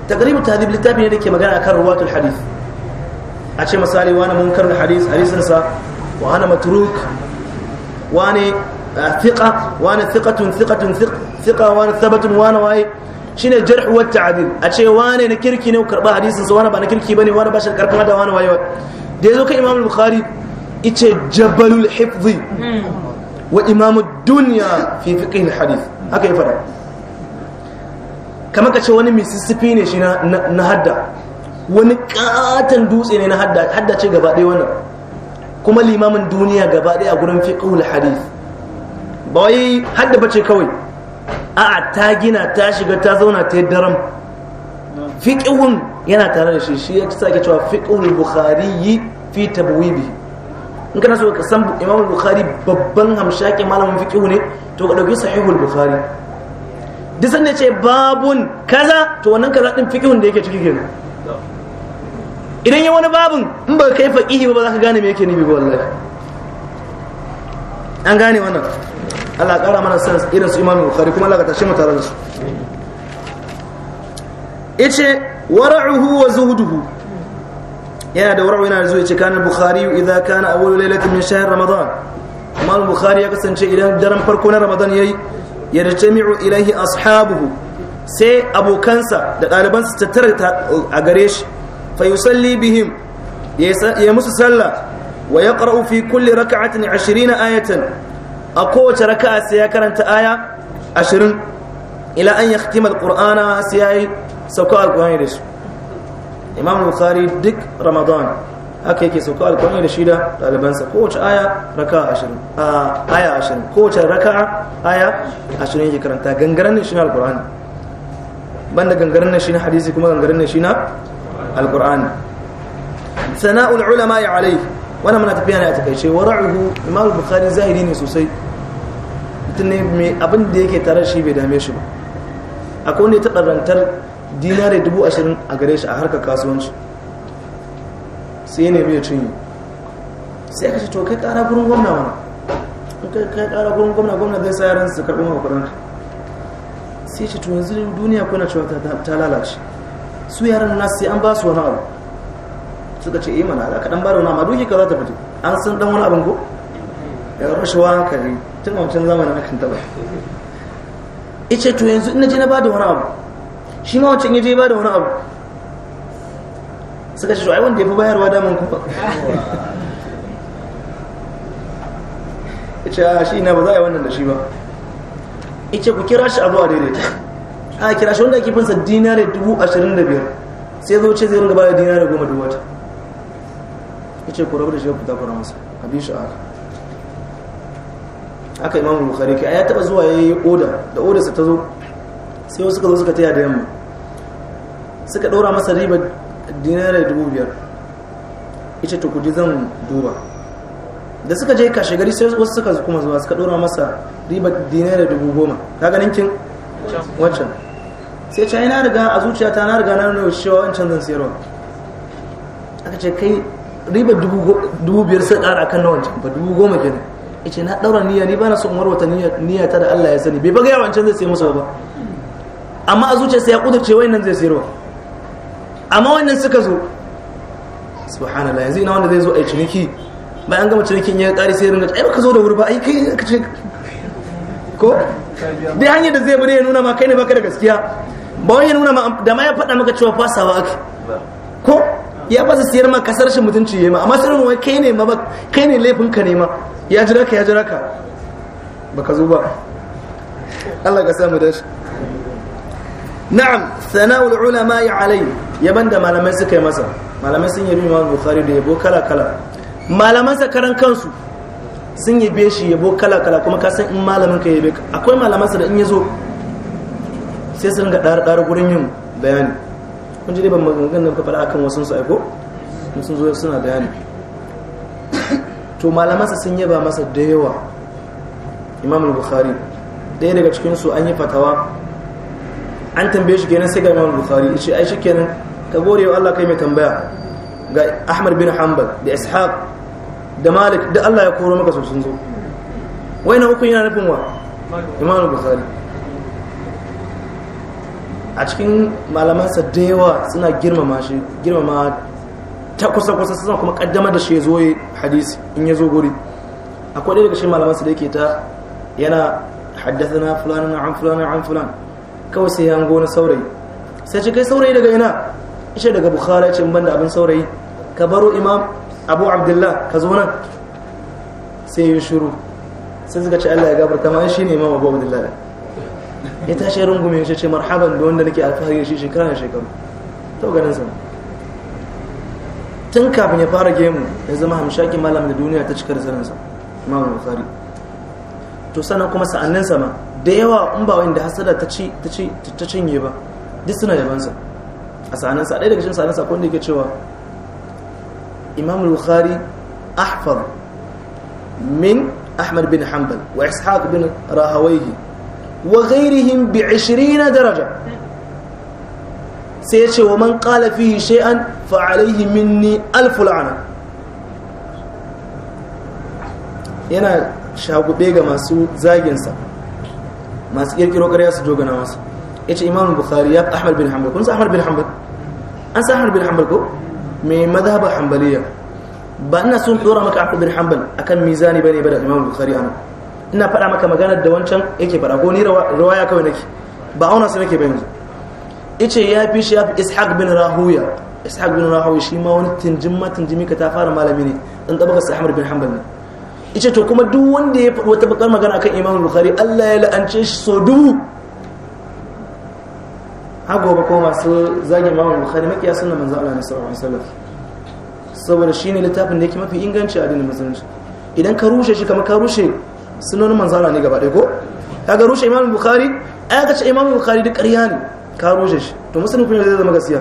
Speaker 2: taqrib at-tahdhib littafin da ke magana akan ruwatul hadith a ce misali wani munkar hadith hadisin sa wa ana matruk wani ah, thiqa wani thiqatun thiqatun thiqa wani thabatun wani waye shine jarh wa ta'dil a ce wane na kirki ne karba hadisin sa wane ba na kirki bane wane ba shi karfin da wane waye da yazo kai imam al-bukhari yace jabalul hifzi wa imam ad-dunya fi fiqh al-hadith haka ya fada kamar ka ce wani mississippi ne shi na hadda wani katon dutse ne na hadda hadda ce gaba ɗaya wannan kuma limamin duniya gaba ɗaya a gurin fiqh al-hadith ba wai hadda bace kawai a'a ta gina ta shiga ta zauna ta yi daram Fiƙihun yana tare da shi shi ya sake cewa fiƙihun bukhari fi bi in kana so ka san imam bukhari babban hamshaki malamin fiƙihun ne to ka ɗauki sahihul bukhari duk sanda ce babun kaza to wannan kaza ɗin fiƙihun da yake ciki kenan idan yi wani babun in ba kai faqihi ba ba za ka gane me yake nufi ba wallahi an gane wannan Allah ƙara mana san irin su imamu bukhari kuma Allah ka tashi mutaran su yace wara'uhu wa zuhuduhu yana da wara'u yana da zuwa yace kana bukhari idza kana awwal lailatin min shahr ramadan imam bukhari ya kasance idan daren farko na ramadan yayi ya tajmi'u ilaihi ashabuhu sai abokansa da ɗalibansa tattara a gare shi fa yusalli bihim ya musu sallah wa ya ƙara'u fi kulli raka'atin 20 ayatan a kowace raka'a sai ya karanta aya ashirin ila an yakhtima alqur'ana sai yayi sauka alqur'ani da shi imam bukhari duk ramadan haka yake sauka alqur'ani da shi da dalibansa kowace aya raka'a ashirin aya ashirin kowace raka'a aya ashirin yake karanta gangaren shi na alqur'ani banda gangaren ne shi na hadisi kuma gangaren ne shi na alqur'ani sana'ul ulama alayhi wannan muna tafiya ne a takaice ra'uhu imam bukhari zahiri ne sosai mutum ne mai abin da yake tare shi bai dame shi ba akwai wanda ya taɓa rantar dinare dubu ashirin a gare shi a harkar kasuwanci sai ne mai cinye sai aka ce to kai ƙara gurin gwamna wani kai kai ƙara gurin gwamna gwamna zai sa yaran su karɓi maka sai ce to yanzu duniya kuna cewa ta lalace su yaran nasu sai an ba su wani abu suka ce eh mana ka dan bada wani amma duki kaza ta fito an san dan wani abin ko ya rashawa haka ne tun wancan zamanin na kan taba ice to yanzu ina je na bada wani abu shi ma wancan yaje bada wani abu suka ce to ai wanda ya fi bayarwa daman ku ice a ah, shi ina ba za a yi wannan da shi ba ice ku kira shi abu a daidaita a kira shi wanda ake fansa dinare dubu ashirin da biyar sai zo ce zai ringa bayar dinare goma duk wata ya ce ku rabu da shi ku dafa masa a bi shi aka aka imam bukhari kai ya taba zuwa yayi oda da oda sa ta zo sai wasu suka zo suka taya da yamma suka ɗora masa riba dinara dubu biyar ita to kudi zan duba da suka je kashe gari sai wasu suka kuma zuwa suka ɗora masa riba dinara dubu goma ka ganin kin wancan sai ce na riga a zuciyata na riga na nuna cewa wancan zan sayarwa aka ce kai ribar dubu biyar sai kara akan nawa ba dubu goma kenan ce na ɗaura niyya ni bana son warwata niyya ta da Allah ya sani bai baga yawan can zai sai masa ba amma a sai ya kudurce wayannan zai sayarwa amma wannan suka zo subhanallah yanzu ina wanda zai zo a yi ciniki bayan gama cinikin ya ƙari sai ringa ai baka zo da wuri ba ai kai ka ce ko dai hanyar da zai bari ya nuna ma kai ne baka da gaskiya ba wani ya nuna ma da ma ya faɗa maka cewa fasawa ake ko ya fasa siyar ma kasar shi mutunci ya yi ma amma sanin wai kai ne ma kai ne laifin ka ne ma ya jira ka ya jira ka baka zo ba Allah ka samu dashi na'am sana'ul ulama ya alai yaban da malamai suka yi masa malamai sun yi Imam Bukhari da yabo kala kala malaman sa karan kansu sun yi be shi yabo kala kala kuma ka san in malamin ka yabe akwai malaman sa da in yazo sai sun ga dar dar gurin yin bayani kun ji ban maganganu da faɗa akan wasu su aiko sun zo suna bayani to malamansa sun yaba masa da yawa imam bukhari ɗaya daga cikin su an yi fatawa an tambaye shi kenan sai ga imam bukhari ce ai kenan ka gore wa Allah kai mai tambaya ga Ahmad bin Hanbal da Ishaq da Malik da Allah ya koro maka su sun zo wai na hukun yana nufin wa imam bukhari a cikin malamansa da yawa suna girmama shi girmama ta kusa-kusa suna kuma kaddamar da shi ya zo yi hadisi in ya zo guri akwai ɗaya daga shi malamansa da yake ta yana haddasa na fulani na an fulani an fulan kawai sai ya hango na saurayi sai ce kai saurayi daga ina ishe daga ya ce ban da abin saurayi ka baro imam abu abdullah ka zo nan sai ya shuru sai suka ce allah ya gabarta ma shi ne imam abu abdullah ya tashi rungume ya ce marhaban da wanda nake alfahari da shi shekara da shekaru to ganin sa tun kafin ya fara gemu ya zama hamshaki malam da duniya ta cikar sa mamu tsari to sannan kuma sa'annin sama da yawa in ba wanda hasada ta ci ta cinye ba duk suna sa a sa'annin sa ɗaya daga cikin sa'annin sa ko wanda yake cewa imam al-bukhari ahfar min ahmad bin hanbal wa ishaq bin rahawayhi wa ghairihim bi 20 daraja sai ya ce wa man qala fihi shay'an fa alayhi minni alf la'ana yana shagube ga masu zaginsa masu kirkiro ƙarya su jogana masu ya ce imamu bukari ya fi ahmad bin hanbal kun sa ahmad bin hanbal an sa ahmad bin hanbal ko mai madhaba hanbaliya ba ina sun dora maka ahmad bin hanbal akan mizani bane ba da imamu bukhari ana ina faɗa maka maganar da wancan yake faɗa ko ni rawaya kawai nake ba auna su nake ba yanzu ice ya fi shi ya fi ishaq bin rahuya ishaq bin rahuya shi ma wani tinjin ma tinjimi ka ta fara malami ne dan tabaka sa ahmad bin hanbal ne ice to kuma duk wanda ya faɗi wata bakar magana akan imam bukhari Allah ya la'ance shi so dubu ha gobe ko masu zagin imam bukhari makiya sunna manzo Allah ne sallallahu alaihi wasallam saboda shine littafin da yake mafi inganci a addinin musulunci idan ka rushe shi kamar ka rushe sunonin manzala ne gaba ɗaya ko kaga rushe imamu bukhari ai ka ce imam bukhari duk ƙarya ne ka rushe shi to musulmi kun zai zama gaskiya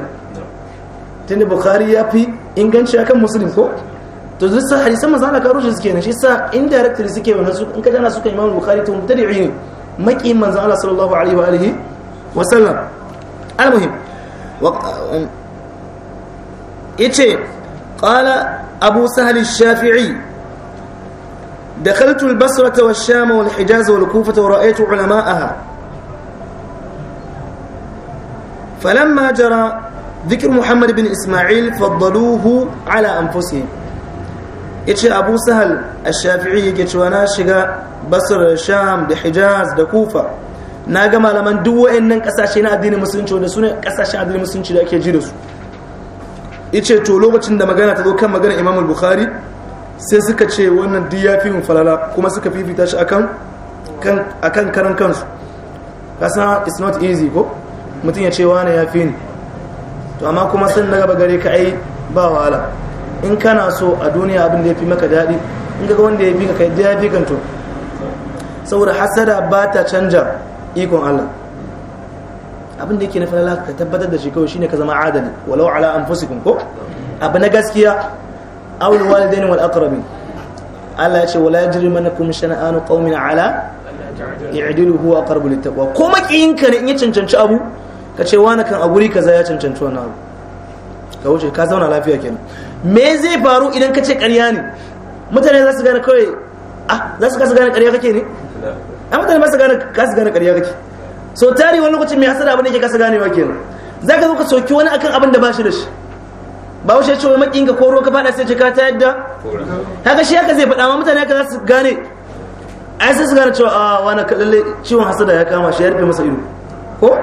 Speaker 2: tunda bukhari ya fi inganci akan musulmi ko to duk sa manzo Allah ka rushe suke ne shi sa indirectly suke wannan su in ka jana suka imamu bukhari to mutadi'i ne maki manzo Allah sallallahu alaihi wa alihi wa sallam almuhim um, yace qala abu sahl ash-shafi'i دخلت البصرة والشام والحجاز والكوفة ورأيت علماءها فلما جرى ذكر محمد بن إسماعيل فضلوه على أنفسهم يتشي أبو سهل الشافعي يتشوانا shiga بصر sham da hijaz da kufa na ga malaman duk wa'annan kasashe na addinin musulunci wanda sune kasashen addinin musulunci da ake ji da su yace to lokacin da magana ta zo kan magana Imam al sai suka ce wannan duk ya fi mu falala kuma suka fifita shi a kan karan kansu kasa it's not easy ko mutum ya ce wane ya fi ni to amma kuma sun na gaba ka ai ba wahala in kana so a duniya abin da ya fi maka daɗi in ga wanda ya fi ka kai ya fi kanto saboda hasada ba ta canja ikon Allah abin da yake na falala ka tabbatar da shi kawai shine ka zama adali walau ala anfusikum ko abu na gaskiya aw walidaini wal aqrabin Allah ya ce wala yajrimannakum shana'anu qaumin ala i'dilu huwa aqrabu littaqwa ko makiyinka ne in ya cancanci abu ka ce wani kan a ka kaza ya cancanci wani abu ka wuce ka zauna lafiya kenan me zai faru idan ka ce ƙarya ne mutane za su gane kawai ah za su kasa gane ƙarya kake ne a mutane ba su gane kasa gane ƙarya kake so tari wani lokacin mai hasada abin da yake kasa ganewa kenan za ka zo ka soki wani akan abin da ba shi da shi ba wuce cewa makin ko koro ka fada sai ce ka ta yadda kaga shi haka zai faɗa ma mutane haka za su gane ai sai su gane cewa a ah, wani lalle ciwon hasada ya kama shi ya rufe masa ido ko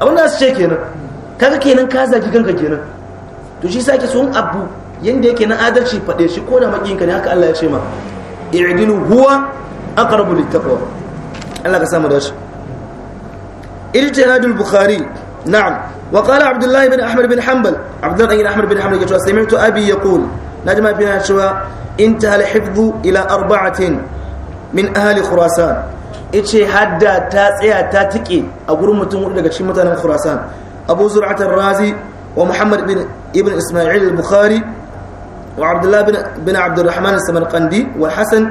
Speaker 2: abin da su ce kenan kaga kenan ka zagi kanka kenan to shi sake sun abu yanda yake na adalci faɗe shi ko da makin ka ne haka Allah ya ce ma i'dilu huwa aqrabu littaqwa Allah ka samu dashi irtiradul bukhari na'am وقال عبد الله بن احمد بن حنبل عبد الله بن احمد بن حنبل يقول سمعت ابي يقول نجم بها شوا انتهى الحفظ الى اربعه من اهل خراسان yace hadda ta tsaya ta tike a gurin mutum hudu daga cikin mutanen Khurasan Abu Zur'at al-Razi wa Muhammad ibn Isma'il al wa Abdullah bin bin Abdurrahman al-Samarqandi wa Hasan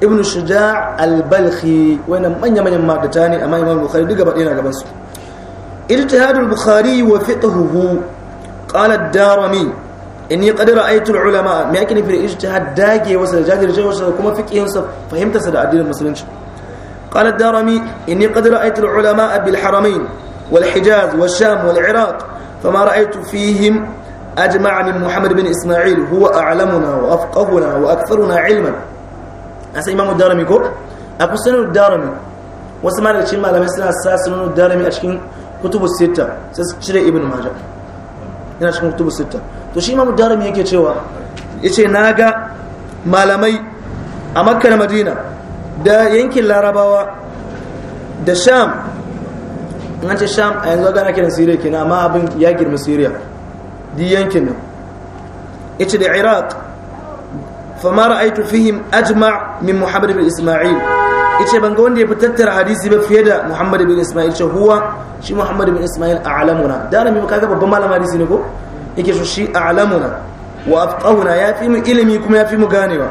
Speaker 2: ibn Shuja' al-Balkhi wannan manyan manyan amma Imam Bukhari duk gaba na اجتهاد البخاري وفقهه قال الدارمي إني قد رأيت العلماء ما يكن في الاجتهاد داجي وصل جاجر جاي وصل كما فقه وصل فهمت سد الدين المسلمين قال الدارمي إني قد رأيت العلماء بالحرمين والحجاز والشام والعراق فما رأيت فيهم أجمع من محمد بن إسماعيل هو أعلمنا وأفقهنا وأكثرنا علما اس إمام الدارمي كو أكو سنة الدارمي wasu ma ما cikin malamai suna الدارمي اشكين kutubu sita sai su cire ibn majah yana cikin kutubu sita to shi imamu darimi yake cewa yace naga malamai a makka da madina da yankin larabawa da sham in ce sham a yanzu gana kiran siriya kenan amma abin ya girma siriya di yankin nan yace da iraq فما رأيت فيهم أجمع من محمد بن إسماعيل yace ban ga wanda ya fi tattara hadisi ba fiye da Muhammad bin Ismail ce huwa shi Muhammad bin Ismail a a'lamuna darami kaga babban malam hadisi ne ko yake so shi a a'lamuna wa afqahuna ya fi mu ilimi kuma ya fi mu ganewa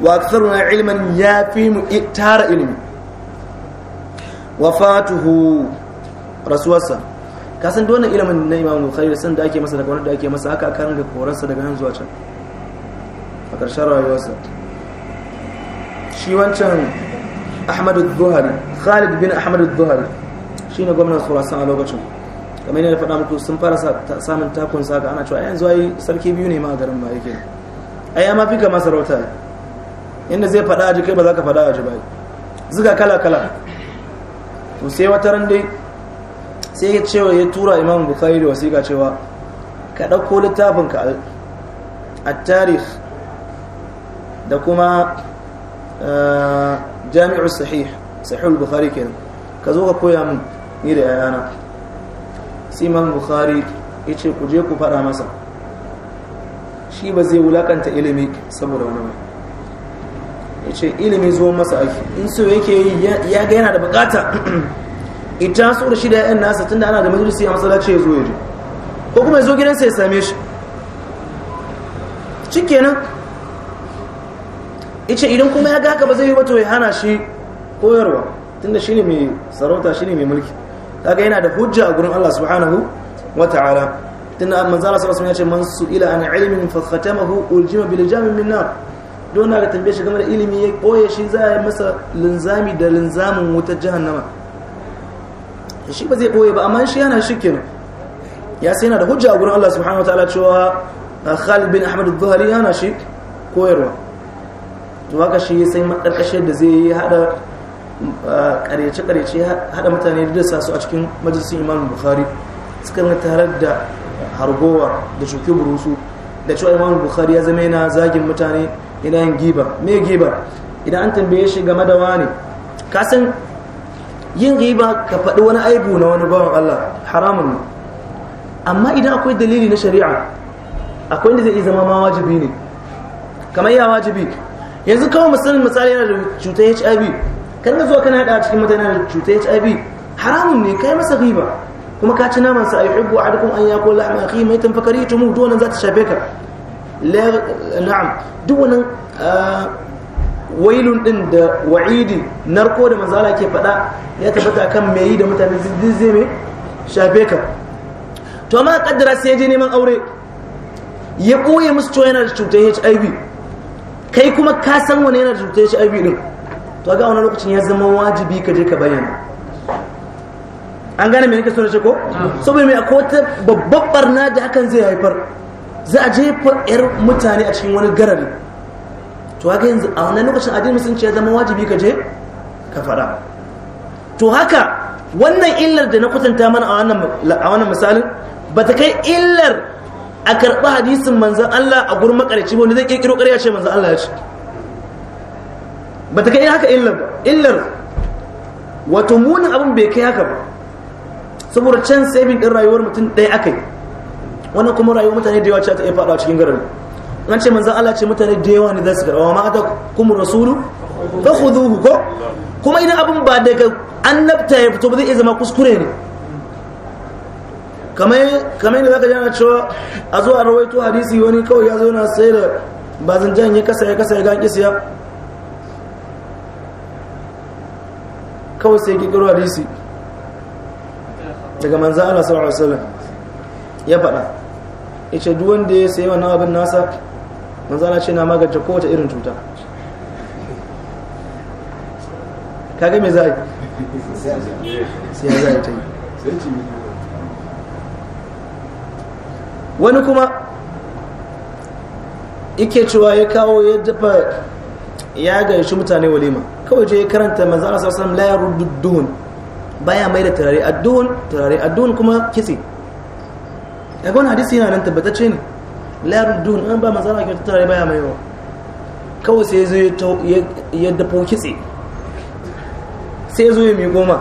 Speaker 2: wa aktharuna ilman ya fi mu tara ilimi wafatuhu rasuwarsa ka san dole ilimin na Imam Bukhari da san da ake masa da kaunar da ake masa haka aka ranga korarsa daga nan zuwa can a ƙarshen rayuwarsa shi wancan ahmad al-zuhari khalid bin ahmad al-zuhari shine gwamnan khurasan a lokacin kamar yadda faɗa muku sun fara samun takun saka ana cewa yanzu ai sarki biyu ne ma a garin ba yake ai amma fika ma sarauta inda zai faɗa a kai ba za ka faɗa a ji ba zuga kala kala to sai wata ran dai sai ya cewa ya tura imam bukhari da wasiƙa cewa ka ɗauko littafin ka a tarih da kuma eh, jami'u sahih sahihul bukhari kenan ka zo ka koya mun ni da yayana sai imam bukhari yace ku je ku fara masa shi ba zai wulakanta ilimi saboda wani ba yace ilimi zuwa masa ake in so yake yi ya ga yana da bukata ita so da shi da nasa tunda ana da majalisi a masallaci ya zo ya ko kuma ya zo gidansa ya same shi shikenan ice idan kuma ya ga haka ba zai yi ba to ya hana shi koyarwa tunda ne mai sarauta shi ne mai mulki kaga yana da hujja a gurin Allah subhanahu wata'ala tunda manzo Allah sallallahu alaihi wasallam ya ce man su'ila an ilmin fa khatamahu uljima bil jami min nar don na ga tambaye shi game da ilimi ya koye shi za a masa linzami da linzamin wutar jahannama shi ba zai koye ba amma shi yana shi kenan ya sai yana da hujja a gurin Allah subhanahu wata'ala cewa Khalid bin Ahmad al-Dhuhari yana shi koyarwa to haka shi sai matsarkashe da zai yi hada karyace-karyace hada mutane da sa su a cikin majalisun imam bukhari suka na tare da hargowa da shuke burusu da cewa imam bukhari ya zama yana zagin mutane yana yin giba me giba idan an tambaye shi game da wani kasan yin giba ka faɗi wani aibu na wani bawan allah haramun mu. amma idan akwai dalili na shari'a akwai da zai zama ma wajibi ne kamar ya wajibi yanzu kawai musulun misali yana da cutar hiv kan ka zuwa kana hada cikin mutane da cutar hiv haramun ne kai masa riba kuma ka ci naman sa ayyubu a dukkan an yako la'am akhi mai tamfakari fakari to mu dole za ta shafe ka na'am duk wannan ah, wailun din da wa'idi narko da manzala ke faɗa ya tabbata kan me yi da mutane zai mai shafe ka to amma kaddara sai je neman aure ya ɓoye musu to yana da cutar hiv kai kuma ka san wani yana da cutar shi aibi din to ga wani lokacin ya zama wajibi ka je ka bayyana an gane me nake so ce ko saboda me akwai wata babbar barna da hakan zai haifar za a jefa yar mutane a cikin wani garari to haka yanzu a wannan lokacin addinin musulunci ya zama wajibi ka je ka fara to haka wannan illar da na kwatanta mana a wannan misalin ba ta kai illar a karɓi hadisin manzan Allah a gurin makarci wanda zai ƙirƙiro ƙarya ce manzan Allah ya ce ba ta kai haka illar ba illar wato munin abin bai kai haka ba saboda can saving ɗin rayuwar mutum ɗaya aka yi wannan kuma rayuwar mutane da yawa ce ta iya faɗa cikin garin an ce manzan Allah ce mutane da yawa ne za su karɓa ma ta kuma rasulu ba ku ko kuma idan abin ba daga annabta ya fito ba zai iya zama kuskure ne kamar kamar da zaka jana cewa a zuwa a rawaito hadisi wani kawai ya zo na sai da jan ya kasa ya kasa ya ga kisiya kawai sai kikiro hadisi daga manzan Allah sallallahu alaihi wasallam ya faɗa ya ce duk wanda ya sayi wannan abin nasa manzan Allah ce na magance kowace irin cuta kage me za a yi sai za a yi ta yi wani kuma Ike cewa ya kawo ya dafa ya gaishi mutane walima kawai je ya karanta manzo Allah layar duhun baya mai da turare addu'un turare addu'un kuma kitse daga wani hadisi yana nan tabbatacce ne layar duhun an ba manzo ke ta turare baya mai yawa kawai sai zo ya dafa kitse sai ya zo ya mi goma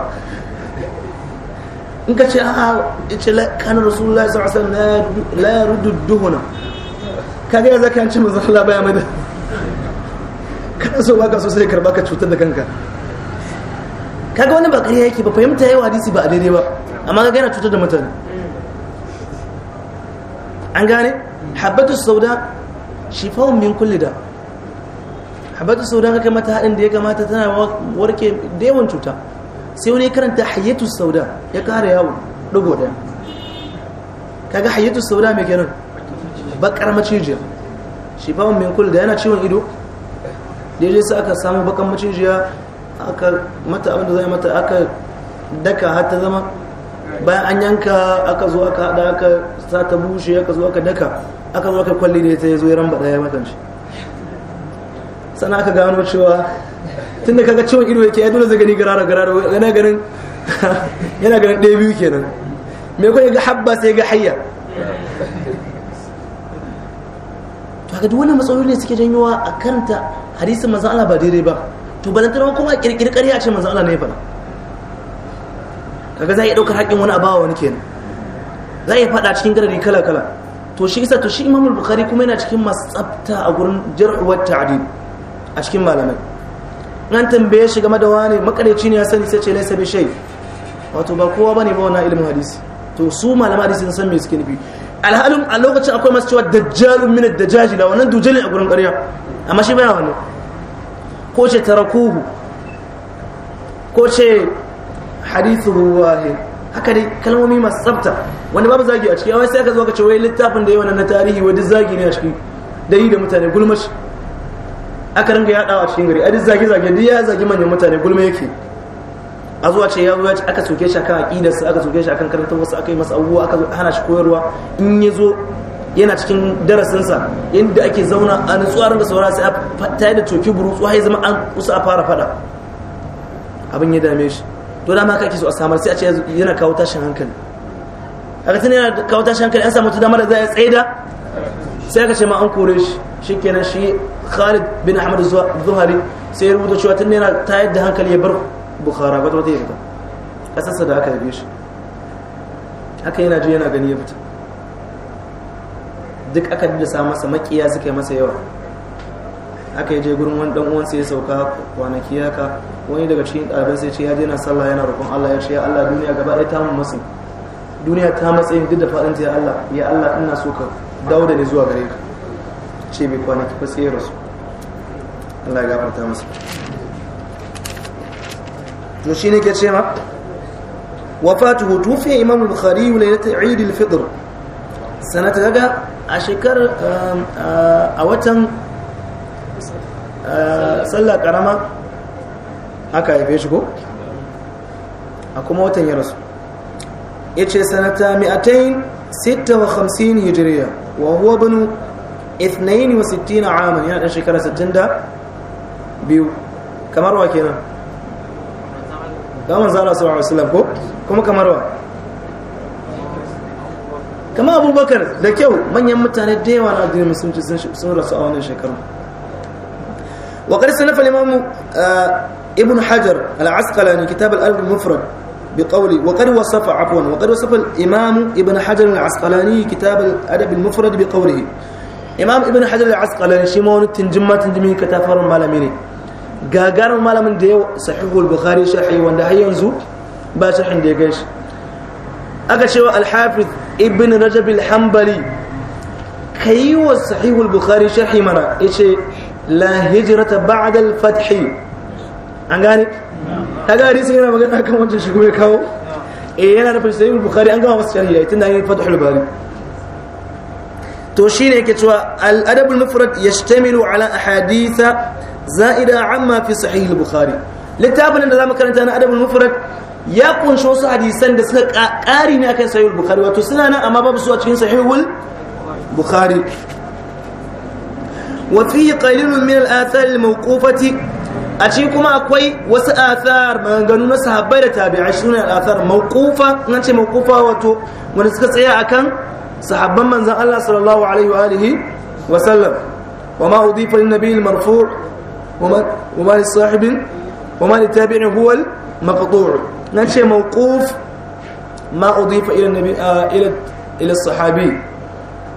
Speaker 2: in ka ce a'a ce kanar rasulullah sallallahu alaihi wasallam la yarudduhuna kaga ya zaka ci manzon Allah baya mai da kana so baka so sai karba ka cutar da kanka kaga wani bakari yake ba fahimta yayi hadisi ba a daidai ba amma kaga yana cutar da mutane an gane habbatu sauda shifa'un min kulli da habbatu sauda kaka mata hadin da ya kamata tana warke da yawan cuta sai wani ya karanta hayyatu sauda ya kare yawon dugo daya kaga hayyatu sauda mai kenan bakar macijiya shi fawon min kul da yana ciwon ido da ya sai aka samu bakar macijiya aka mata abin da zai mata aka daka har ta zama bayan an yanka aka zo aka hada aka sa ta bushe aka zo aka daka aka zo aka kwalli da ya zo ya ramba daya makanci sana aka gano cewa tun da kaga ciwon ido yake ya dole zai garara garara yana ganin yana ganin ɗaya biyu kenan me kuma ga habba sai ga hayya to ga duk wannan matsaloli ne suke janyowa a kanta hadisin manzo Allah ba daidai ba to balanta ma kuma kirkiri ƙarya ce manzo Allah ne fa kaga za a iya ɗaukar haƙƙin wani abawa wani kenan za a iya faɗa cikin garari kala kala to shi isa to shi imamul bukhari kuma yana cikin masu tsafta a gurin jar'uwar ta'adil a cikin malamai an tambaye shi game da wani makareci ne ya sani sai ce laisa bi shay wato ba kowa bane ba wannan ilimin hadisi to su malama hadisi sun san me suke nufi alhalin a lokacin akwai masu cewa Dajjal min ad-dajaji da wannan dujali a gurin ƙarya amma shi bayan wannan ko ce tarakuhu ko ce hadithu wahid haka dai kalmomi masu tsafta wani babu zagi a ciki wai sai aka zo ka ce wai littafin da yawa na tarihi wai duk zagi ne a ciki dai da mutane gulmashi aka ringa yadawa cikin gari a duk zage zage duk ya zage manyan mutane gulma yake a zuwa ce ya zuwa aka soke shi akan aqidar sa aka soke shi akan karanta wasu aka yi masa abubuwa aka hana shi koyarwa in ya zo yana cikin darasin sa inda ake zauna a nutsuwa ranga saura sai a tayar da toki burutsu har ya zama an kusa a fara fada abin ya dame shi to dama ka ake so a samar sai a ce yana kawo tashin hankali aka tana yana kawo tashin hankali an samu wata damar da za a tsaida sai aka ce ma an kore shi shikenan shi khalid bin ahmad zuhari sai ya rubuta cewa tun yana ta yadda hankali ya bar bukhara ba ta fita kasarsa da aka yabe shi haka yana ji yana gani ya duk aka dasa masa makiya suka yi masa yawa aka yi je gurin wani dan uwan sai ya sauka kwanaki haka wani daga cikin ɗaliban sai ce ya je na sallah yana roƙon Allah ya ce ya Allah duniya gaba ɗaya ta mun masu duniya ta matsayi duk da faɗin ta ya Allah ya Allah ina so ka dawo da ni zuwa gare ka ce bai kwanaki fa sai ya rasu Allah ya gafarta masa to shine ke ce ma wafatuhu tufiya imam al-bukhari lailatul eid al-fitr sanata daga a shekar um, uh, a watan uh, sallah karama aka haife shi ko a kuma watan ya rasu ya ce sanata 256 hijriya wa huwa banu 62 aman yana ɗan shekara 60 biyu kamar wa kenan kamar zala sallallahu alaihi wasallam ko kuma kamar wa kamar abubakar da kyau manyan mutane da yawa na addinin musulunci sun rasu a wannan shekaru wa qad sanafa al-imam ibn hajar al-asqalani kitab al-alf al-mufrad بقولي وقد وصف عفوا وقد وصف الإمام ابن حجر العسقلاني كتاب الأدب المفرد بقوله إمام ابن حجر العسقلاني شمون تنجمة تنجمين كتافر مالميني gagarin malamin da yau sahihul bukhari sharhi wanda har yanzu ba sharhin da ya gaishe aka cewa al-hafiz ibn rajab al-hanbali kai wa sahihul bukhari sharhi mana yace la hijrata ba'da al-fath an gane kaga hadisi yana magana kan wancan shi kuma kawo eh yana nufin sahihul bukhari an gama masa sharhi tunda yayin fathul bari to shine yake cewa al-adab al-mufrad yashtamilu ala ahaditha za'ida amma fi sahih al-bukhari littafin da zamu karanta na adabul mufrad ya kunshi wasu hadisan da suka ƙari ne akan sahih al-bukhari wato suna nan amma babu su a cikin sahih al-bukhari wa fi qalil min al-athar al-mawqufati a cikin kuma akwai wasu athar maganganu na sahabbai da tabi'ai ne al-athar mawqufa an ce mawqufa wato wanda suka tsaya akan sahabban manzon Allah sallallahu alaihi wa alihi wa sallam وما أضيف للنبي المرفوع وما وما لصاحب وما للتابع هو المقطوع نشي نعم، موقوف ما أضيف إلى النبي آه إلى إلى الصحابي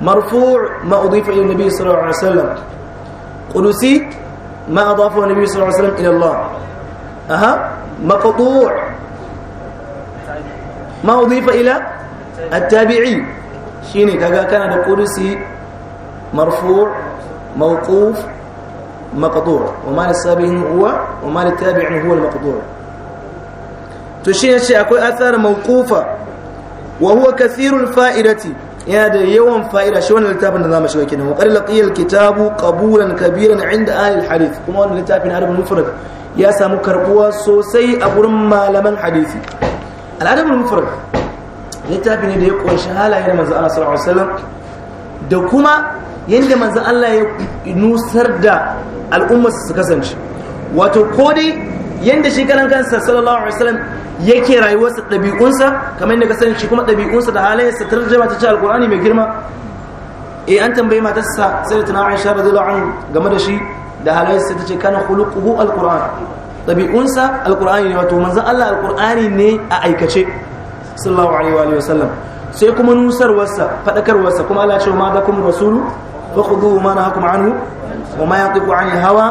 Speaker 2: مرفوع ما أضيف إلى النبي صلى الله عليه وسلم قدسي ما أضافه النبي صلى الله عليه وسلم إلى الله أها مقطوع ما أضيف إلى التابعي شيني كذا كان القدسي مرفوع موقوف maqdur wa ma lisabihin huwa wa ma litabi'in to shi ce akwai athar mawqufa wa huwa fa'idati yana da yawan fa'ida shi wannan littafin da zamu shiga kenan wa qad laqiya al-kitabu qabulan 'inda ahli al-hadith kuma wannan littafin adab mufrad ya samu karbuwa sosai a gurin malaman hadisi al-adab mufrad littafi ne da ya ƙunshi halaye na manzo Allah da kuma yadda manzo Allah ya nusar da al'ummarsa su kasance wato ko dai yanda shi kalan kansa sallallahu alaihi wasallam yake rayuwarsa ɗabi'unsa kamar yadda ka shi kuma ɗabi'unsa da halayensa ta tarjama ta ci alqur'ani mai girma eh an tambayi matarsa sai da tana Aisha radiyallahu anha game da shi da halayensa ta ce kana khuluquhu alqur'an ɗabi'unsa alqur'ani ne wato manzon Allah alqur'ani ne a aikace sallallahu alaihi wasallam sai kuma nusarwarsa faɗakarwarsa kuma Allah ce ma da kuma rasulu wa khudhu ma nahakum anhu wa ma yantiqu anil hawa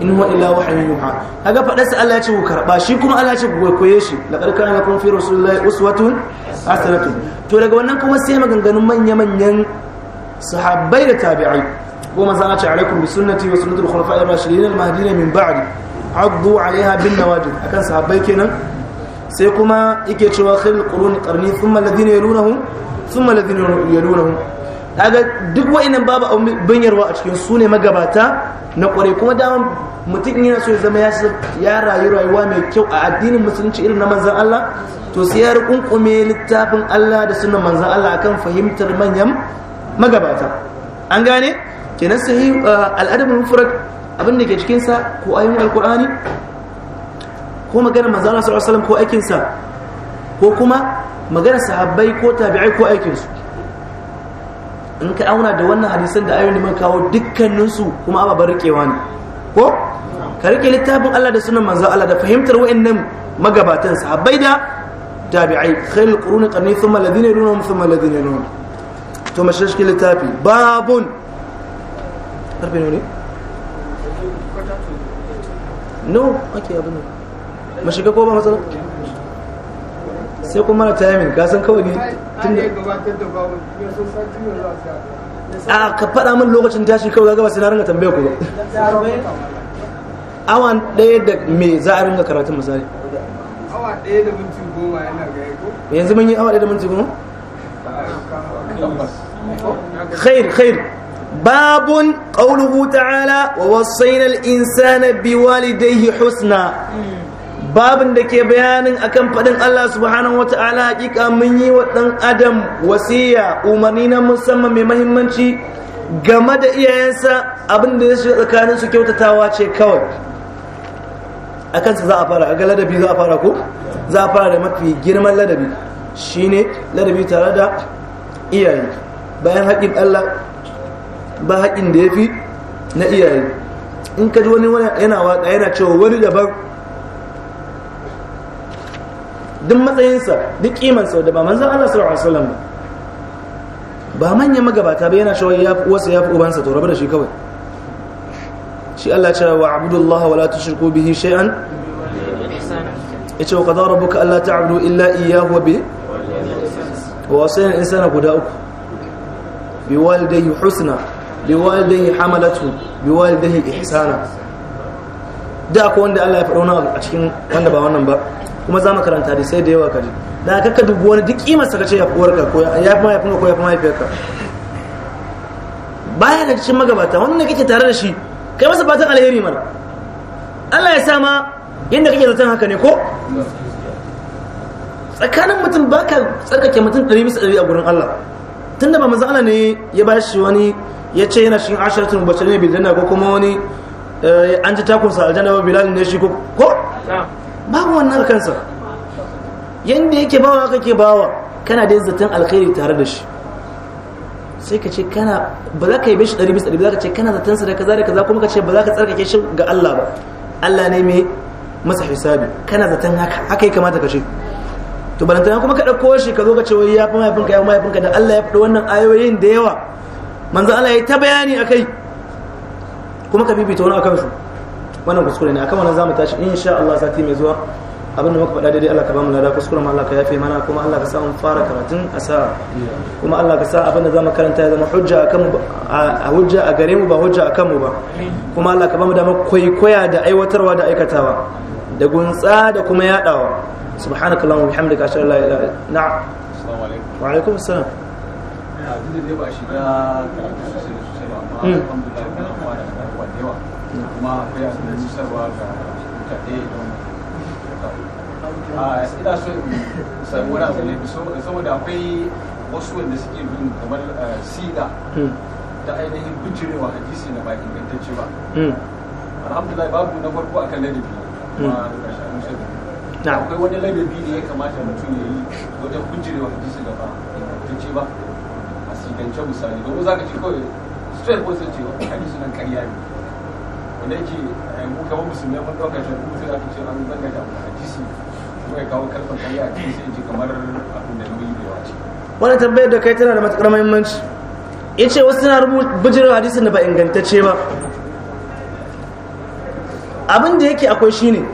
Speaker 2: in huwa illa wahyun yuha kaga fadar sa Allah ya ce ku karba shi kuma Allah ya ce ku koye shi la laqad kana lakum fi rasulillahi uswatun hasanatun to daga wannan kuma sai maganganun manya manyan sahabbai da tabi'i goma za a ce alaikum bi sunnati wa sunnatul khulafa'ir rashidin al-mahdiyyin min ba'di addu 'alayha bin nawajid akan sahabbai kenan sai kuma yake cewa khairul quruni qarni thumma alladhina yalunahum thumma alladhina yalunahum kaga duk wa'annan babu abin banyarwa a cikin su ne magabata na kwarai kuma dama mutum yana so ya zama ya rayu rayuwa mai kyau a addinin musulunci irin na manzan Allah to sai ya rikunkume littafin Allah da sunan manzan Allah akan fahimtar manyan magabata an gane kenan sai eh, al'adabul mufrad abin da ke cikin sa ko ayin alqur'ani ko magana manzan Allah sallallahu alaihi ko aikin ko kuma magana sahabbai ko tabi'ai ko aikinsu. in ka auna da wannan hadisan da ayoyin da muka kawo dukkaninsu kuma ababen rikewa ne ko ka rike littafin Allah da sunan manzo Allah da fahimtar wa'annan magabatan sahabbai da tabi'ai khairul quruni qarni thumma alladhina yuruna thumma alladhina yuruna to mashashki littafi babun karfe ne no ake abun nan mashiga ko ba matsala sai kuma na tayamin ka san kawai ne da a ka faɗa min lokacin tashi kawai ga ba sai na ringa tambaye ku ba awa ɗaya da me za a ringa karatun misali awa ɗaya da minti goma yana gaya ko yanzu mun yi awa ɗaya da minti goma khair khair babun qawluhu ta'ala wa wasaina al-insana husna babin da ke bayanin akan faɗin Allah subhanahu wa ta'ala hakika mun yi wa ɗan adam wasiya umarni na musamman mai mahimmanci game da iyayensa abin da ya shiga tsakanin su kyautatawa ce kawai a kansa za a fara a ga ladabi za a fara ko za a fara da mafi girman ladabi shine ladabi tare da iyaye bayan haƙin Allah ba haƙin da ya fi na iyaye in ka ji wani yana waƙa yana cewa wani daban duk matsayinsa duk kimansa da ba manzan Allah sallallahu alaihi wasallam ba ba manyan magabata ba yana shawai ya wasu ya fi ubansa to rabu da shi kawai shi Allah ce wa abdullahi wa la tushriku bihi shay'an yace wa qadara rabbuka alla ta'budu illa iyyahu wa bi wa insana guda uku bi walidayhi husna bi walidayhi hamalatu bi walidayhi ihsana da akwai wanda Allah ya faɗa a cikin wanda ba wannan ba kuma za mu karanta da sai da yawa kaji da ka ka dubu wani duk kimar sa ce ya fi uwarka ko ya fi mahaifinka ko ya fi mahaifiyarka baya da cikin magabata wannan kake tare da shi kai masa fatan alheri mana Allah ya sa ma yadda kake zaton haka ne ko tsakanin mutum ba ka tsarkake mutum ɗari bisa ɗari a gurin Allah tunda ba maza Allah ne ya ba shi wani ya ce yana cikin tun bacci ne biljanna ko kuma wani eh, an ji takunsa aljanna ba bilal ne shi ko babu wannan alkansa yadda yake bawa kake bawa kana da zaton alkhairi tare da shi sai ka ce kana ba za ka yi bishi ɗari bisa ɗari za ka ce kana zaton sa da kaza da kaza kuma ka ce ba za ka tsarkake shi ga Allah ba Allah ne mai masa hisabi kana zaton haka haka yi kamata ka ce to balantana kuma ka ɗauko shi ka zo ka ce wai ya fi mahaifinka ya fi mahaifinka da Allah ya faɗi wannan ayoyin da yawa manzan Allah ya ta bayani a kai kuma ka bibita wani akan su wannan kuskure ne akan wannan zamu tashi insha Allah sati mai zuwa abin da muka faɗa daidai Allah ka bamu lada kuskuren Allah ka yafe mana kuma Allah ka sa mu fara karatun asa kuma Allah ka sa abin da zamu karanta ya zama hujja akan a hujja a gare mu ba hujja akan mu ba kuma Allah ka bamu dama kwaikwaya da aiwatarwa da aikatawa da gunsa da kuma yadawa subhanaka allahumma wa bihamdika ashhadu an la ilaha illa anta assalamu alaikum wa alaikum assalam
Speaker 1: a da ba shi ga karatu sosai ba amma hmm. alhamdulillah kuma akwai abin nusarwa ga mutane don
Speaker 2: a ah, ina so in sami wani abu ne saboda akwai wasu wanda suke bin kamar eh, siga ta ainihin bijirewa hadisi na ba ingantacce ba hmm. alhamdulillah babu na farko akan ladabi kuma hmm. da ƙarshen musulmi akwai wani ladabi da ya kamata mutum ya yi wajen bijirewa hadisi da ba ingantacce ba a sigance misali domin za ka ce kawai straight wasu ce hadisi nan karya ne wanda yake eh, mu kamar musulmai mun ɗauka shi kuma sai aka ce an zanga da hadisi kuma ya kawo karfin kariya a cikin sai ji kamar abin da nauyi da yawa ce wannan tambayar da kai tana da matuƙar muhimmanci ya ce wasu suna bijirar hadisin da ba ingantacce ba abin da yake akwai shine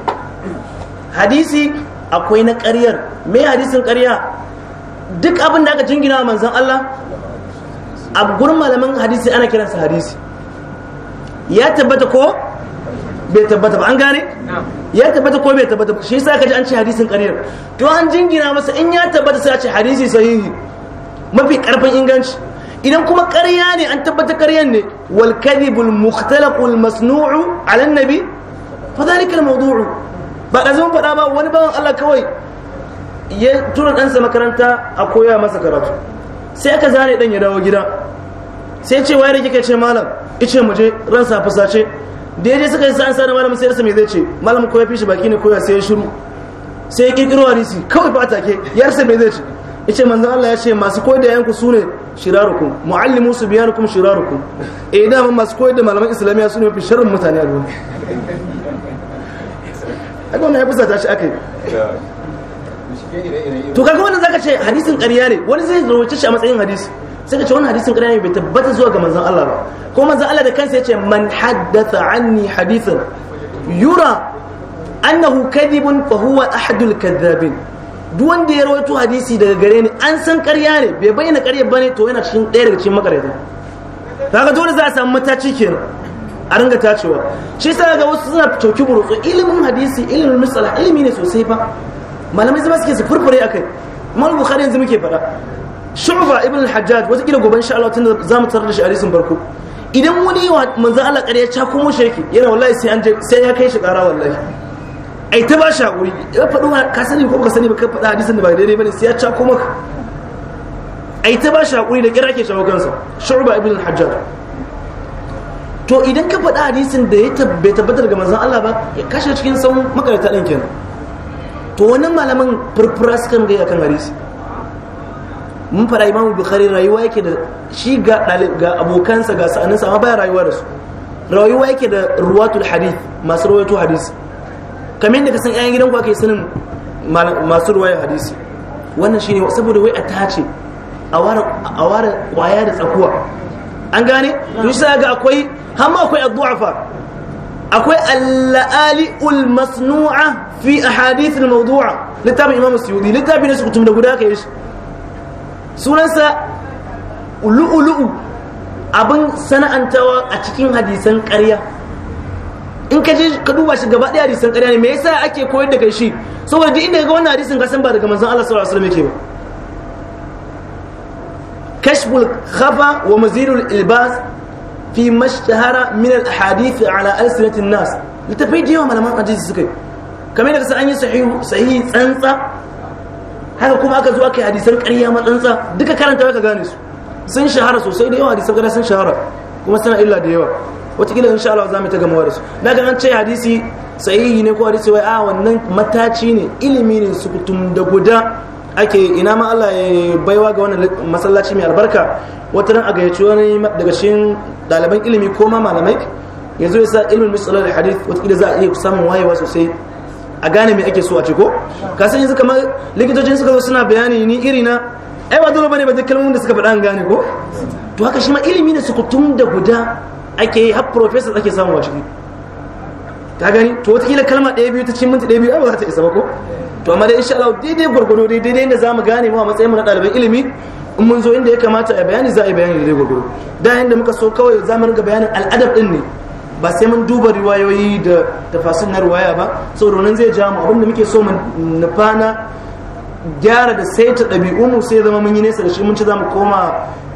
Speaker 2: hadisi akwai na ƙaryar me hadisin ƙarya duk abin da aka jingina manzan Allah a gurin malaman hadisi ana kiransa hadisi ya tabbata ko bai tabbata ba an gane ya tabbata ko bai tabbata shi yasa kaji an ce hadisin qarir to an jingina masa in ya tabbata sai a ce hadisi sahihi mafi karfin inganci idan kuma ƙarya ne an tabbata ƙaryan ne wal kadhibul mukhtalaqul masnu'u ala annabi fa dhalika ba da zan ba wani bawan Allah kawai ya tura ɗansa makaranta a koya masa karatu sai aka zane dan ya dawo gida sai ce waye da kike ce malam ice mu je ran sa fusace da yaje suka yi sa'an sa da malamin sai rasa me zai ce malamin ko ya fishi baki ne ko ya sai shiru sai ya kirkiro hadisi kawai ba take ya me zai ce ice manzo Allah ya ce masu koyar da yanku sune shirarukum muallimu su biyanukum shirarukum eh da masu koyar da malaman islamiya sune fi sharrin mutane a duniya ai wannan ya fusata shi akai
Speaker 1: to kaga wannan zaka
Speaker 2: ce hadisin ƙarya ne wani zai rawaita shi a matsayin hadisi suka cewa wannan hadisin ƙarya bai tabbata zuwa ga manzon Allah ba ko manzon Allah da kansa yace man haddatha anni hadithan yura annahu kadhibun fa huwa ahadul kadhabin duk wanda ya rawaito hadisi daga gare ni an san ƙarya ne bai bayyana ƙarya bane to yana cikin ɗaya daga cikin kaga dole za a samu mataci kenan a ringa tacewa shi yasa ga wasu suna cauki burutsu ilimin hadisi ilimin misala ilimi ne sosai fa malamai zama suke su furfure akai mal bukhari yanzu muke faɗa shu'ba ibn al-hajjaj wata kila gobe sha'alawa Allah tunda za mu tarar da shi a risin barko idan wani wa manzo Allah ya ta mu shirki yana wallahi sai an sai ya kai shi ƙara wallahi ai ta ba shi hakuri ya faɗo ka sani ko ka sani ba ka faɗa hadisin da ba daidai bane sai ya ta maka ai ta ba shi hakuri da kira ke shawo kansa shu'ba ibn al-hajjaj to idan ka faɗa hadisin da ya tabbatar ga manzan Allah ba ya kashe cikin san makarata ɗin kenan to wannan malaman furfura sukan gaya kan hadisi mun fara imamu bukhari rayuwa yake da shi ga abokansa ga sa'aninsa sama bayan rayuwa da su rayuwa yake da ruwatul hadith masu ruwaito hadisi kamar yadda ka san ƴan gidan ku ake sanin masu ruwaya hadisi wannan shine saboda wai a tace a ware kwaya da tsakuwa an gane to shi ga akwai hamma akwai addu'afa akwai al-ali al-masnu'a fi ahadith al-mawdu'a littafin imam suyudi littafin da su kutum da guda kai shi sunansa lu'ulu'u abin sana'antawa a cikin hadisan ƙarya in ka je ka duba shi gaba ɗaya hadisan ƙarya ne me yasa ake koyar da kai shi saboda duk inda ga wannan hadisin ka san ba daga manzon Allah sallallahu alaihi wasallam yake ba kashful khafa wa mazirul ilbas fi mashtahara min al ahadith ala alsinati nas litafai da yawa malaman hadisi suka yi kamar da san an yi sahihu sahihi tsantsa haka kuma aka zo aka yi hadisan ƙarya matsantsa duka karanta ka gane su sun shahara sosai da yawa hadisan gada sun shahara kuma suna illa da yawa wataƙila insha Allah za mu ta gamawa da su na ga an ce hadisi sahihi ne ko hadisi wai a ah, wannan mataci ne ilimi ne su kutum da guda ake ina ma Allah ya baiwa ga wannan masallaci mai albarka wata ran a gayyaci wani daga cikin ɗaliban ilimi ko ma malamai yanzu ya sa ilmin misalar hadith wataƙila za a iya samun wayewa sosai a gane me ake so a ciko? kasan ka yanzu kamar likitocin suka zo suna bayani ni iri na ai ba dole bane ba duk kalmomin da suka faɗa an gane ko to haka shi ma ilimi ne suka tun da guda ake yi har professor ake samu a ciki ka gani to kila kalma ɗaya biyu ta cin minti ɗaya biyu ai ba za ta isa ba ko to amma dai insha Allah daidai gwargwado daidai inda zamu gane mu a matsayin mu na ɗaliban ilimi in mun zo inda ya kamata a bayani za a yi bayani daidai gurguru da yanda muka so kawai zamu ringa bayanin al'adab din ne ba sai mun duba riwayoyi da tafasin na riwaya ba saboda nan zai ja mu abinda muke so mu fana gyara da sai ta ɗabi'unmu sai zama mun yi nesa da shi mun ci za mu koma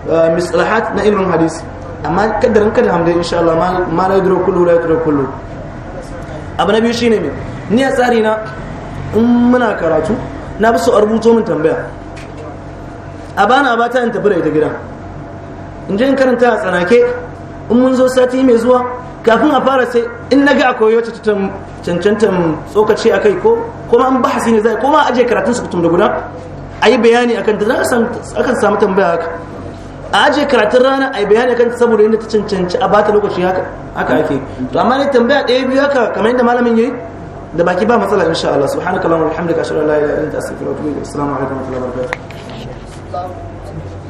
Speaker 2: eh, mislahat na ilimin hadisi amma kaddarin kada hamdai insha Allah ma la yadro kullu la yadro kullu abu na biyu shine me ni a tsari na in muna karatu na bi so a rubuto min tambaya a bana ba ta in tafi da ita gida in je in karanta a tsanake in mun zo sati mai zuwa kafin a fara sai in na ga akwai wata cancantan tsokaci a kai ko kuma an bahasi ne zai kuma ajiye karatun su da guda a yi bayani akan ta akan samu tambaya haka a ajiye karatun rana a yi bayani akan saboda yadda ta cancanci a bata lokaci haka haka ake to amma ne tambaya ɗaya biyu haka kamar yadda malamin yayi da baki ba matsala insha Allah subhanaka allahumma wa bihamdika ashhadu an la ilaha illa anta astaghfiruka wa atubu ilaik assalamu alaikum wa rahmatullahi wa
Speaker 1: barakatuh